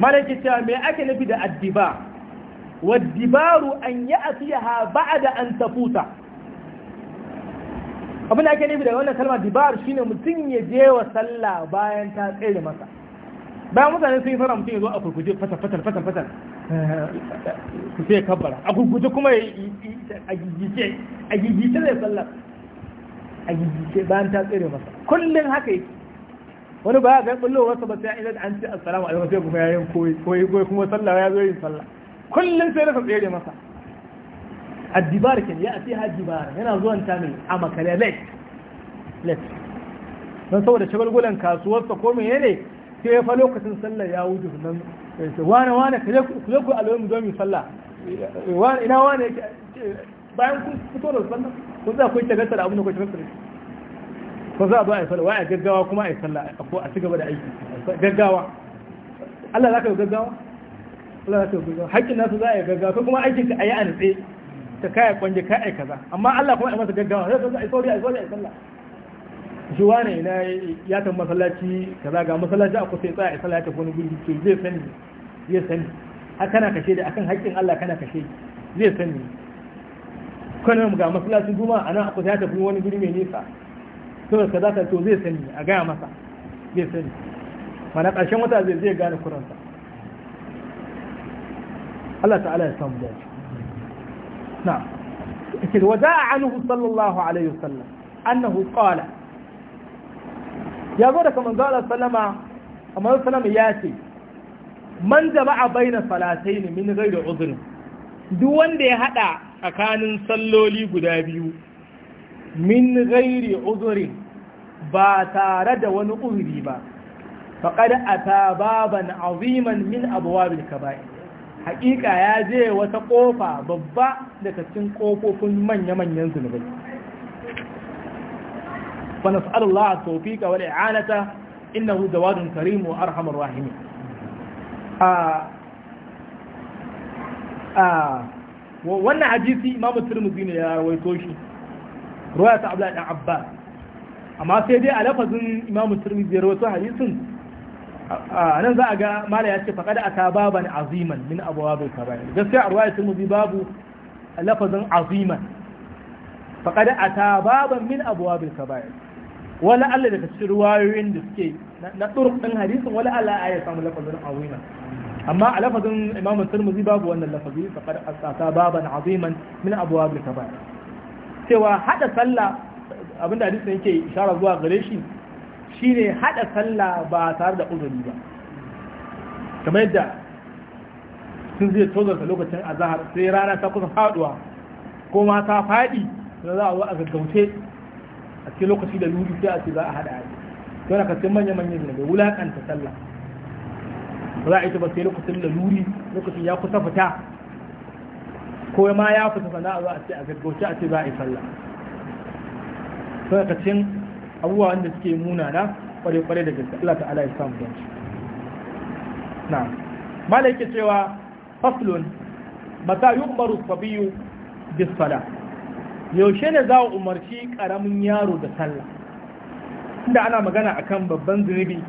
malaki cewa me ake nufi da addiba waddibaru an ya'tiha da an tafuta abin da ake nufi daga wannan kalma dibar shine mutum ya je wa sallah bayan ta tsere masa bayan mutane sun yi fara mutum ya zo a kurkuje fatan fatan fatan fatan ku sai kabbara a kurkuje kuma a gigice a gigice sallah a bayan ta tsere masa kullum haka yake wani ba ga bullo wasu ba sai idan an ce assalamu alaikum sai kuma yayin koyi koyi kuma sallah ya zo yin sallah kullum sai rasa tsere masa addibar ke ya haji bara yana zuwan ta mai a makare late late don saboda shagulgulan kasuwarsa ko mai ne sai ya fa lokacin sallar ya wuce nan sai wane wane kaje ku je ku alwayi mu zo mu sallah wane ina wane bayan kun fito da sallah kun za ku yi tagarta da abin da ku tagarta ko za a zo a yi sallah wai a gaggawa kuma a yi sallah a ci gaba da aiki gaggawa Allah za ka yi gaggawa Allah ta gudu haƙƙin nasu za a yi gaggawa ko kuma aikin ka yi a nutse ka kaya kwanje ka ai kaza amma Allah kuma ya masa gaggawa sai ka ai sorry ai sauri a sallah shi wane ina ya tan masallaci kaza ga masallaci a kusa tsaya ai sallah ta wani guri to zai sani zai sani haka na kashe da akan haƙƙin Allah kana kashe zai sani kana ga masallacin a nan a kusa ya tafi wani guri mai nisa saboda kaza ta to zai sani a gaya masa zai sani mana ƙarshen wata zai zai gane kuransa Allah ta'ala ya samu dace na'am ikil a anhu sallallahu alaihi wasallam annahu qala ya zo daga manzo Allah sallama amma sallama ya ce man jama'a baina ne min ghairi uzurin, duk wanda ya hada tsakanin salloli guda biyu min ghairi uzurin, ba tare da wani uzuri ba faqad ata baban aziman min abuwa abwabil kaba'ir haƙiƙa ya je wata ƙofa babba daga cikin ƙofofin manya-manyan zunubai fa nas'alullah tawfiqa wal i'anata innahu jawadun karim wa arhamar rahimin a a wannan hadisi imamu tirmidhi ne ya rawaito shi ruwaya ta abdullahi dan Abba. amma sai dai a lafazin imamu tirmidhi ya rawaito hadisin nan za a ga mala ya ce faƙada a ta baban aziman min abuwa bai ka gaskiya a ruwaya turmuzi babu lafazin aziman faƙada a ta baban min abuwa bai ka bayan wani allah daga cikin ruwayoyin da suke na ɗurk ɗin hadisin wani allah a ya samu lafazin aziman amma a lafazin imamu turmuzi babu wannan lafazi faƙada a ta baban aziman min abuwa bai ka bayan cewa haɗa sallah abinda hadisin yake ishara zuwa gare shi shine hada sallah ba tare da uzuri ba kamar yadda sun zai tozarta lokacin azhar sai rana ta kusa faduwa ko ma ta fadi da za a zo a gaggauce a cikin lokaci da luri sai a ce za a hada aji don haka sai manya manyan da wulakanta sallah ba za a ta ba sai lokacin da luri lokacin ya kusa fita ko ma ya fita sana'a za a ce a gaggauce a ce za a yi sallah sai haka abubuwa wanda suke munana kware-kware da gaske Allah ta'ala ya samu don na mala yake cewa faslun mata yi umaru sabiyu bisfala yaushe ne za a umarci karamin yaro da sallah inda ana magana a kan babban zunubi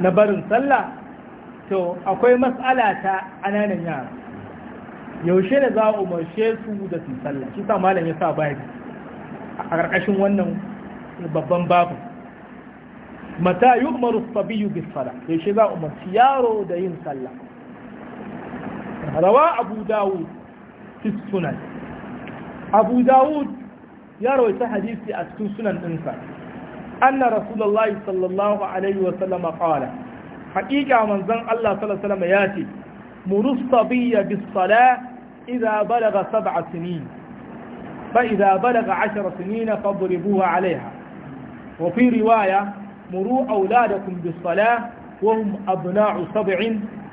na barin sallah to akwai matsala ta ananan yara yaushe ne za a umarce su da su sallah shi sa malam ya sa bayan a ƙarƙashin wannan babban babu mata yi umaru sabiyu bisfala ya shi za umarci yaro da yin sallah rawa abu dawud fi sunan abu dawud ya rawaita hadisi a cikin sunan ɗinsa anna rasulullahi sallallahu alaihi wa sallama qala haƙiƙa manzon Allah sallallahu alaihi wa sallama ya ce murustabiyya bis-salah idan balagha sab'a sinin فإذا بلغ عشر سنين فاضربوها عليها وفي رواية مروا أولادكم بالصلاة وهم أبناء سبع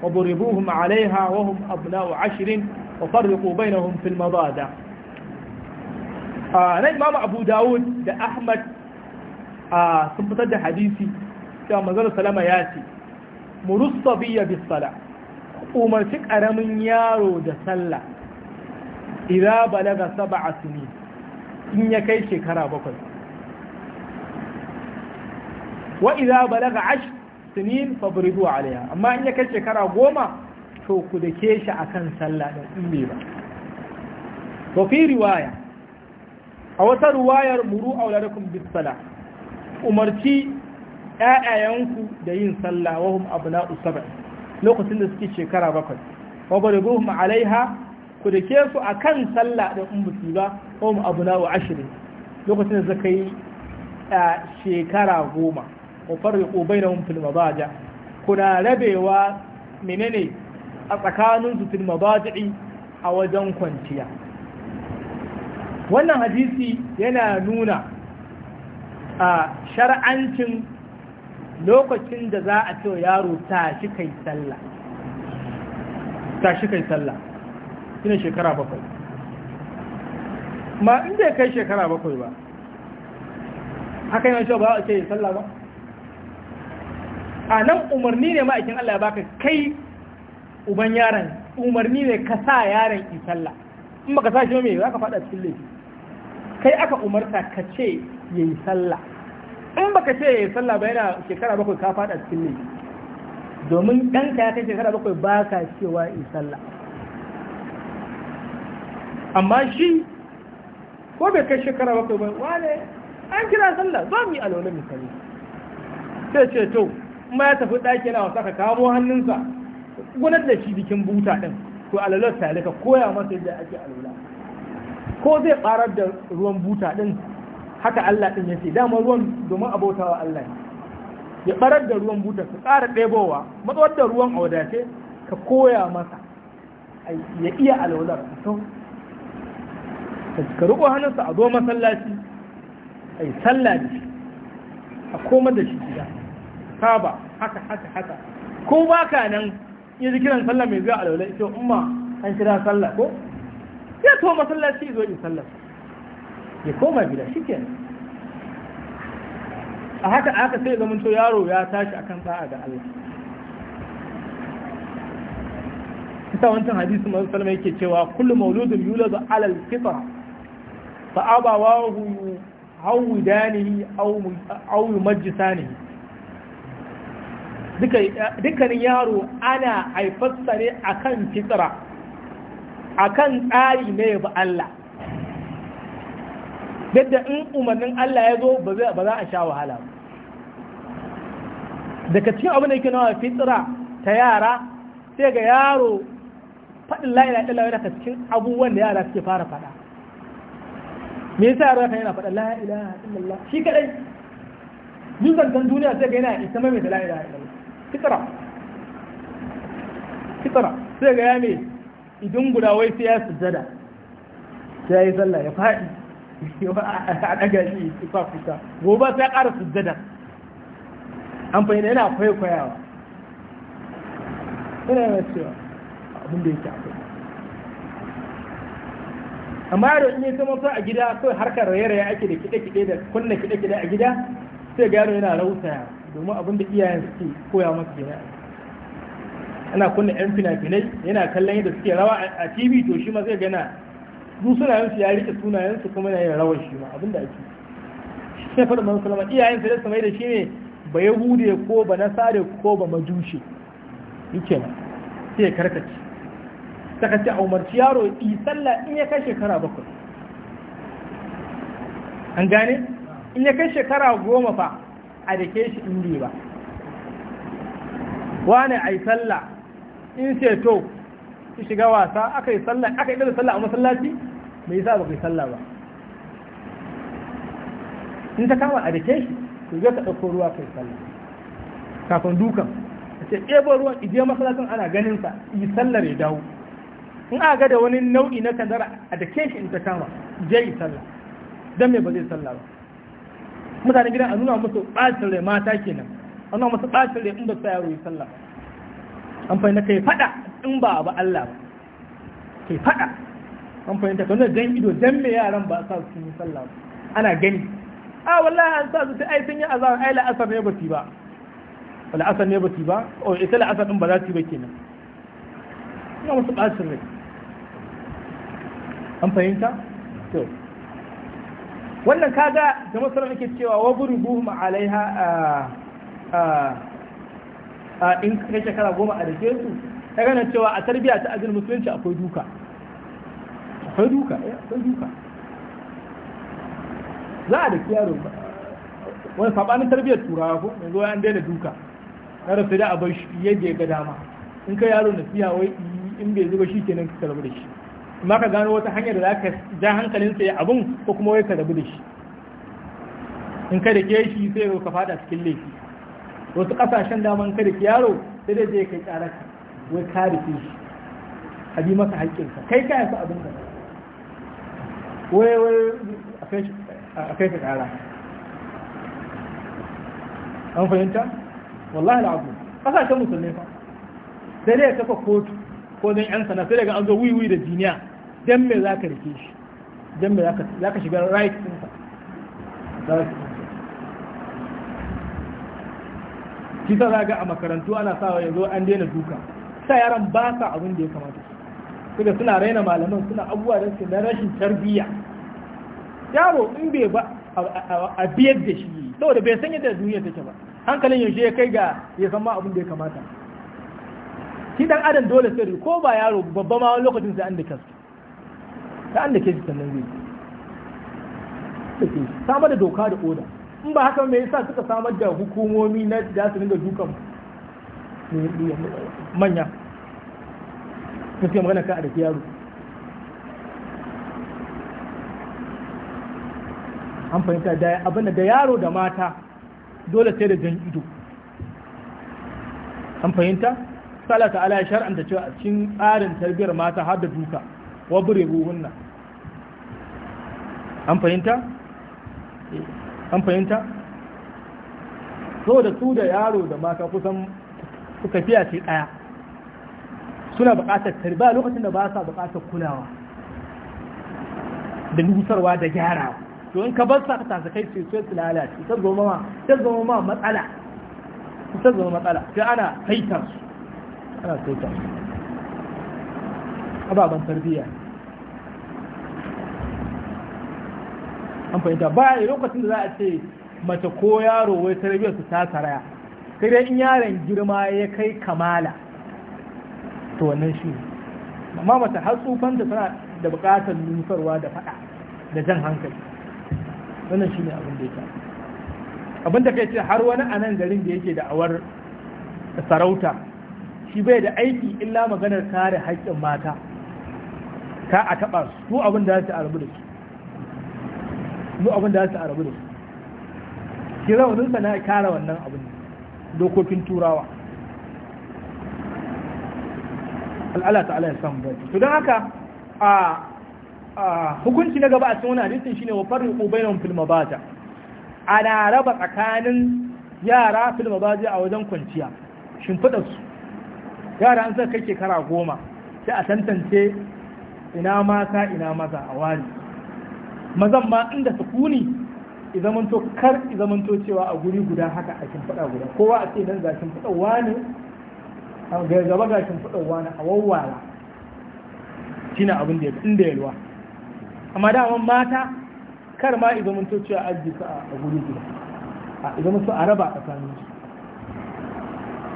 وضربوهم عليها وهم أبناء عشر وفرقوا بينهم في المضادة آه إمام أبو داود دا أحمد آه حديثي كما زال السلام ياتي مروا الصبية بالصلاة وما ƙaramin yaro da sallah idan balaga saba a in ya kai wa idza balaga ash sinin fabridu alaiha amma in ya kai shekara goma to ku dake shi akan sallah da in ba to fi riwaya a wata riwayar muru auladakum bis sala umarci ƴaƴayanku da yin sallah hum abna'u sab'a lokacin da suke shekara bakwai wa alaiha ku dake su akan sallah da in busi ba wahum abna'u ashrin lokacin da suka yi shekara goma bai na fil mabaja kuna rabewa menene a tsakanin su fil mabaji a wajen kwanciya wannan hadisi yana nuna a shar'ancin lokacin da za a ce yaro tashi kai sallah tashi kai sallah shine shekara bakwai ma inda ya kai shekara bakwai ba haka yana cewa ba a ce sallah ba a nan umarni ne ma'aikin Allah ya baka kai uban yaron umarni ne ka sa yaron ki sallah in baka sa shi ba me za ka faɗa cikin laifi kai aka umarta ka ce ya yi sallah in baka ce ya yi sallah ba yana shekara bakwai ka faɗa cikin laifi domin ka ya kai shekara bakwai ba ka cewa ya yi sallah amma shi ko bai kai shekara bakwai ba wane an kira sallah za mu yi alwala misali sai ce to ma ya tafi ɗaki na wasa ka kamo hannunsa gunar da shi jikin buta ɗin to alalar tare ka koya masa yadda ake alula ko zai ɓarar da ruwan buta ɗin haka Allah ɗin ya ce dama ruwan domin abotawa Allah ne ya ɓarar da ruwan buta su ƙara ɗebowa matsawar da ruwan a wadace ka koya masa ya iya alular ka riƙo hannunsa a zo masallaci a yi sallah da shi a koma da shi gida saba haka haka haka ko ba ka nan ya ji kiran sallah mai zuwa alwala in umma an kira sallah ko ya to masallaci zo in sallah ya koma gida shi ke a haka aka sai zaman to yaro ya tashi akan sa'a ga Allah kisa wancan hadisi masu salama yake cewa kullum mauludin yuladu alal fitra fa abawahu hawidanihi aw yumajjisanihi dukkanin yaro ana haifarsa ne akan fitira akan tsari ne yabi Allah yadda in umarnin Allah ya zo ba za a sha wahala daga cikin abin da yake nawa fitira ta yara sai ga yaro faɗin la'ila na la'ila daga cikin abubuwan da yara suke fara faɗa me yasa yaro yana faɗa la'ila illallah shi kaɗai dukkan duniya sai ga yana isa mai da la'ila illallah fitara fitara sai ga ya idan guda wai sai ya sujjada ya yi sallah ya faɗi a daga shi fa fita gobe sai ƙara sujjada an fahimta yana kwaikwayawa ina yana cewa abin da yake akwai amma da in ya zama sa a gida kawai harkar raye-raye ake da kiɗe-kiɗe da kunna kiɗe-kiɗe a gida sai gano yana rausaya domin abin da iyayen suke koya masu gina ana kunna yan fina-finai yana kallon yadda suke rawa a tv to shi ma zai gana su sunayen su ya rike sunayen su kuma yana rawar shi ma abin da ake shi ne faɗa manzo sallama iyayen su da su mai da shi ne ba yahude ko ba nasare ko ba majushe yake ma sai ya karkace saka a umarci yaro yi sallah in ya kai shekara bakwai an gane in ya kai shekara goma fa a dake shi in bai ba wane a yi sallah in ce to ki shiga wasa aka yi sallah aka yi sallah a masallaci me yasa ba kai sallah ba in ta kama a dake shi to zai ka ɗauko ruwa kai sallah kafin dukan a ce ɗebo ruwan ije masallacin ana ganin sa yi sallar ya dawo in aka ga da wani nau'i na kadara a dake shi in ta kama je yi sallah dan me ba zai sallah ba mutane gidan a nuna musu ɓacin rai mata kenan a nuna musu ɓacin rai in ba sa yaro yi sallah an fahimta kai faɗa in ba abu Allah ba kai faɗa an fahimta ka nuna zan ido jan me yaran ba sa su yi sallah ba ana gani a wallahi an sa su sai ai sun yi azan ai la'asar ne ba su ba la'asar ne ba su ba o oh, ita la'asar din ba za su yi ba kenan ina musu ɓacin rai an fahimta to wannan kaga da masarar nake cewa wa burubu alaiha a in kai shekara goma a rike su ta gana cewa a tarbiyya ta ajin musulunci akwai duka akwai duka eh, akwai duka za a da yaro wani sabanin tarbiyyar turawa ko yanzu an daina duka na rasu da abin yadda ya ga dama in ka yaro na siya wai in bai zuba shi kenan ka karbi da shi ma ka gano wata hanyar da za ka ja hankalin ya abun ko kuma wai ka rabu da shi in ka da ke shi sai ka fada cikin laifi wasu kasashen in ka da ke yaro sai dai je kai tsara ka wai ka rufe shi a bi masa ka, kai ka su abin da wai wai a kai ka tsara an fahimta wallahi al'adu kasashen musulmi fa sai dai ya kafa kotu ko don yan sana sai daga an zo wiwi da jiniya dan me za ka rike shi dan me za ka shiga right ɗinsa kisa za ga a makarantu ana sawa yanzu an daina duka sa yaran ba sa abin da ya kamata suka suna raina malaman suna abubuwa da su na rashin tarbiyya yaro in bai ba a biyar da shi saboda bai san yadda duniya take ba hankalin yaushe ya kai ga ya san ma abin da ya kamata shi dan adam dole sai ko ba yaro babba ma wani lokacin sai an da kansa sai an da ke sannan zai take samar da doka da oda in ba haka mai yasa suka samar da hukumomi na da su dinga dukan manya sun ce magana ka a da yaro an fahimta da abinda da yaro da mata dole sai da jan ido an fahimta Allah ta'ala ya shar'anta cewa a cikin tsarin tarbiyyar mata har da duka wa bure ruhunna an fahimta an fahimta so da su da yaro da mata kusan suka fiya ce daya suna buƙatar tarbiya lokacin da ba sa buƙatar kulawa da nusarwa da gyarawa to in ka bar sa ka tasa kai sai sai lalace ta zama ma ta zama ma matsala ta zama matsala sai ana haitar su tana saita ababen tarbiyya an fahimta ba a lokacin da za a ce mace ko yaro wai tarbiyyar su ta saraya sai dai in yaron girma ya kai kamala to wannan shi amma mace har tsofanta tana da bukatar nufarwa da fada da jan hankali wannan shi ne abin da ya abin da kai ce har wani a nan garin da yake da awar sarauta shi bai da aiki illa maganar kare haƙƙin mata ka a taɓa su abin da za su rabu da su su abin da za su rabu da su shi raunin sa na kare wannan abin dokokin turawa al'ala ala ya samu bai Su don haka a hukunci na gaba a cikin wani shi ne wa farriqu filma ba ta. ana raba tsakanin yara ba zai a wajen kwanciya shimfidar su yara an zai kai shekara goma sai a tantance ina mata ina maza a wani mazan ma inda sukuni izamanto kar izamanto cewa a guri guda haka a shimfiɗa guda kowa a ce nan gashin shimfiɗa wani ga gaba ga shimfiɗa wani a wawwala shi na abin da ya inda yalwa amma daman mata kar ma izamanto cewa a arzika a guri guda a izamanto a raba a tsakaninsu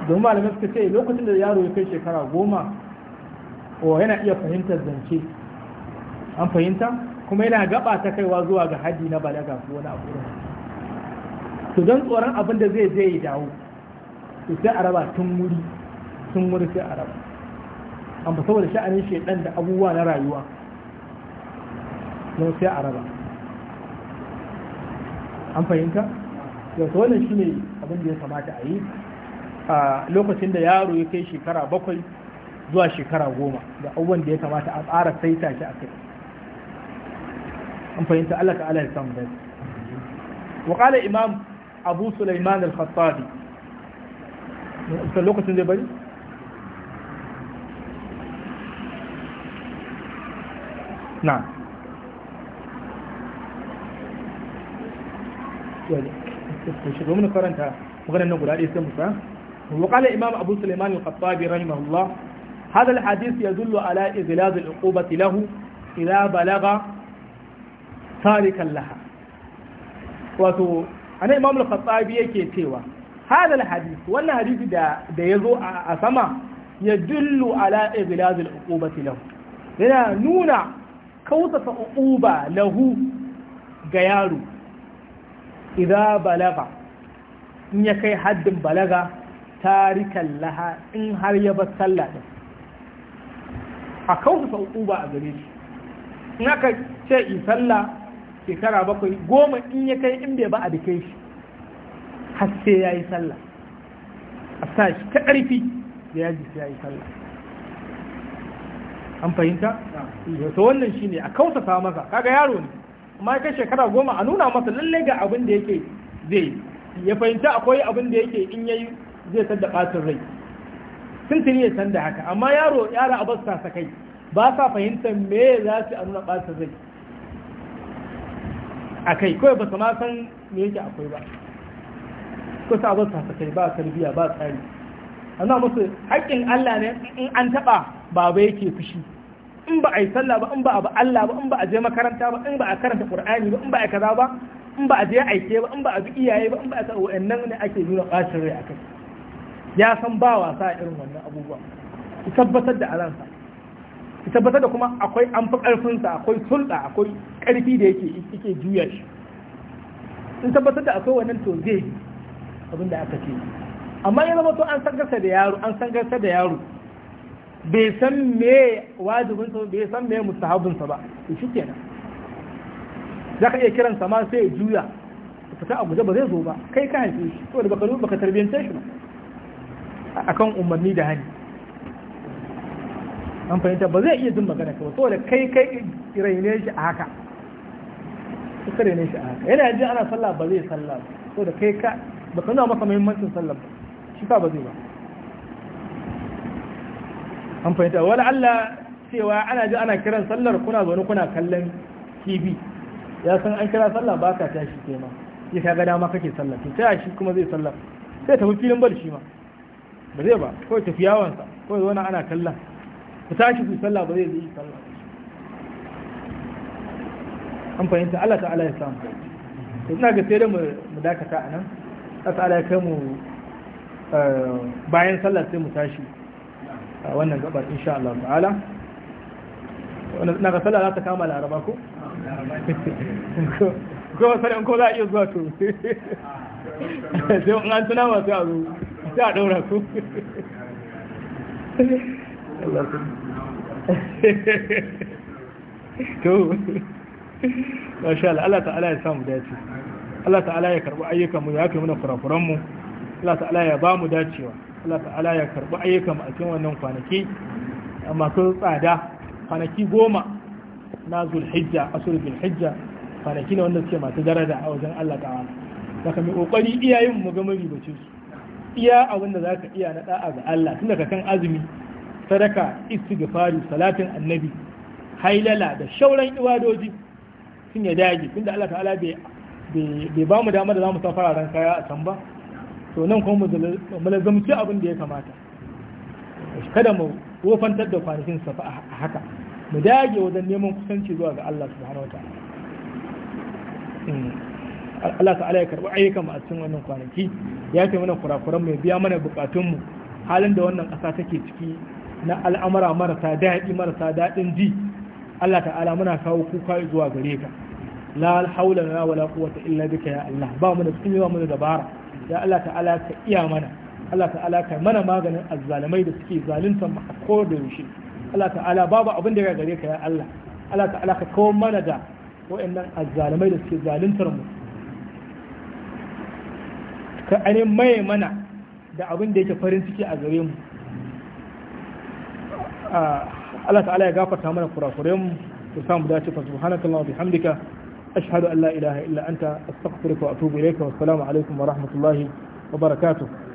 domin malamai suka ce lokacin da yaro ya kai shekara goma o yana iya fahimtar zance an fahimta kuma yana gaba ta kaiwa zuwa ga haji na balaga ko wani abu to don tsoron abin da zai zai dawo to sai a raba tun wuri tun wuri sai a raba amma saboda sha'anin shaidan da abubuwa na rayuwa don sai a raba an fahimta yau to wannan ne abin da ya kamata a yi a lokacin da yaro ya kai shekara bakwai zuwa shekara goma da abubuwan da ya kamata a tsara saita shi a kai an fahimta Allah ta Allah ya samu dai wa qala imam abu sulaiman al-khattabi lokacin zai bari نعم domin karanta maganar nan guda ɗaya sai musa وقال الإمام أبو سليمان الخطابي رحمه الله هذا الحديث يدل على إغلاظ العقوبة له إذا بلغ تاركا لها wato ana imam al-khattabi yake cewa hada al-hadith wannan hadisi da ya zo a sama ya dullu ala ighlaz al-uqubati nuna kautata uquba lahu ga yaro idza balaga in ya kai haddin balaga tarikan laha in har ya bar sallah din a kawusa uquba a gare shi in aka ce in sallah shekara bakwai goma in ya kai in bai ba a dake shi har sai ya yi sallah a sa shi ta ƙarfi da yaji sai ya yi sallah an fahimta? to wannan shine a kausasa masa kaga yaro ne amma kai shekara goma a nuna masa lalle ga abin da yake zai ya fahimta akwai abin da yake in yayi zai san da ɓacin rai tuntuni ya san da haka amma yaro yara a basu sakai ba sa fahimtar me za su a nuna ɓacin rai a kai kawai ba su ma san me yake akwai ba kusa a basu sakai ba tarbiyya ba tsari ana musu haƙƙin Allah ne in an taɓa baba yake fushi in ba a yi sallah ba in ba a ba Allah ba in ba a je makaranta ba in ba a karanta Qur'ani ba in ba a kaza ba in ba a je aike ba in ba a bi iyaye ba in ba a ta wa'annan ne ake nuna ɓacin rai akai ya san ba wasa irin wannan abubuwa ki tabbatar da alansa ki tabbatar da kuma akwai an fi ƙarfinsa akwai sulda akwai ƙarfi da yake yake juya shi in tabbatar da akwai wannan to zai abin da aka ce amma ya zama to an san gasa da yaro an san gasa da yaro bai san me wajibin sa bai san me mustahabin sa ba to shikenan zaka iya kiran sa ma sai juya fita a guje ba zai zo ba kai ka haife shi to da baka baka tarbiyance shi ba akan umarni da hani an fahimta ba zai iya jin magana ka ba saboda kai kai raine shi a haka suka raine shi a haka yana jin ana sallah ba zai sallah ba saboda kai ka ba ka nuna masa muhimmancin sallah ba shi ka ba zai ba an fahimta wani Allah cewa ana ji ana kiran sallar kuna zaune kuna kallon TV ya san an kira sallah ba ka tashi kenan ya ka ga dama kake sallah to ta shi kuma zai sallah sai tafi filin bal shi ma ba zai ba kawai tafi yawansa kawai wani ana kallon ku tashi su sallah ba zai zai sallah an fahimta Allah ta'ala ya samu to ina ga sai da mu dakata a nan Allah ta'ala ya kai mu eh, bayan sallah sai mu tashi a wannan gabar insha Allah ta'ala na ga sallah za ta kama laraba ko ko sallah ko za a iya zuwa to sai an tuna masu a za a ɗaura ku to masha Allah Allah ta'ala ya samu dace Allah ta'ala ya karɓi ayyukanmu ya fi muna kurakuranmu Allah ta'ala ya bamu dacewa Allah ta'ala ya karɓi ayyukanmu a cikin wannan kwanaki masu tsada kwanaki goma na zulhijja asur zulhijja kwanaki ne wanda suke masu daraja a wajen Allah ta'ala daga mai kokari iyayen mu ga su. iya abin da za ka iya na da'a ga Allah tun ka kan azumi sadaka istighfari salatin annabi hailala da shauran ibadoji sun ya dage tunda Allah ta'ala bai ba mu dama da za mu sa fararen kaya a can ba to nan kuma mu lazamci abin da ya kamata kada mu wofantar da kwanakin safa a haka mu dage wajen neman kusanci zuwa ga Allah subhanahu wa ta'ala hmm. Allah ta ya karɓi ayyuka mu a cikin wannan kwanaki ya kai mana kurakuran mai biya mana bukatun mu halin da wannan ƙasa take ciki na al'amura marasa daɗi marasa daɗin ji Allah ta'ala muna kawo kuka zuwa gare ka la haula lana wala quwwata illa bika ya Allah ba mu da tsimi ba mu da dabara ya Allah ta'ala ka iya mana Allah ta'ala ka mana maganin azzalumai da suke zalunta mu a ko da yaushe Allah ta'ala babu abin da ya gare ka ya Allah Allah ta'ala ka kawo mana da wa'annan azzalumai da suke zaluntar mu ka ainihin maye mana da abin da yake farin ciki a gare mu Allah ta'ala ya gafarta mana kurakuren mu ku samu dace fa subhanakallahu bihamdika ashhadu an la ilaha illa anta astaghfiruka wa atubu ilayka wa assalamu alaikum wa rahmatullahi wa barakatuh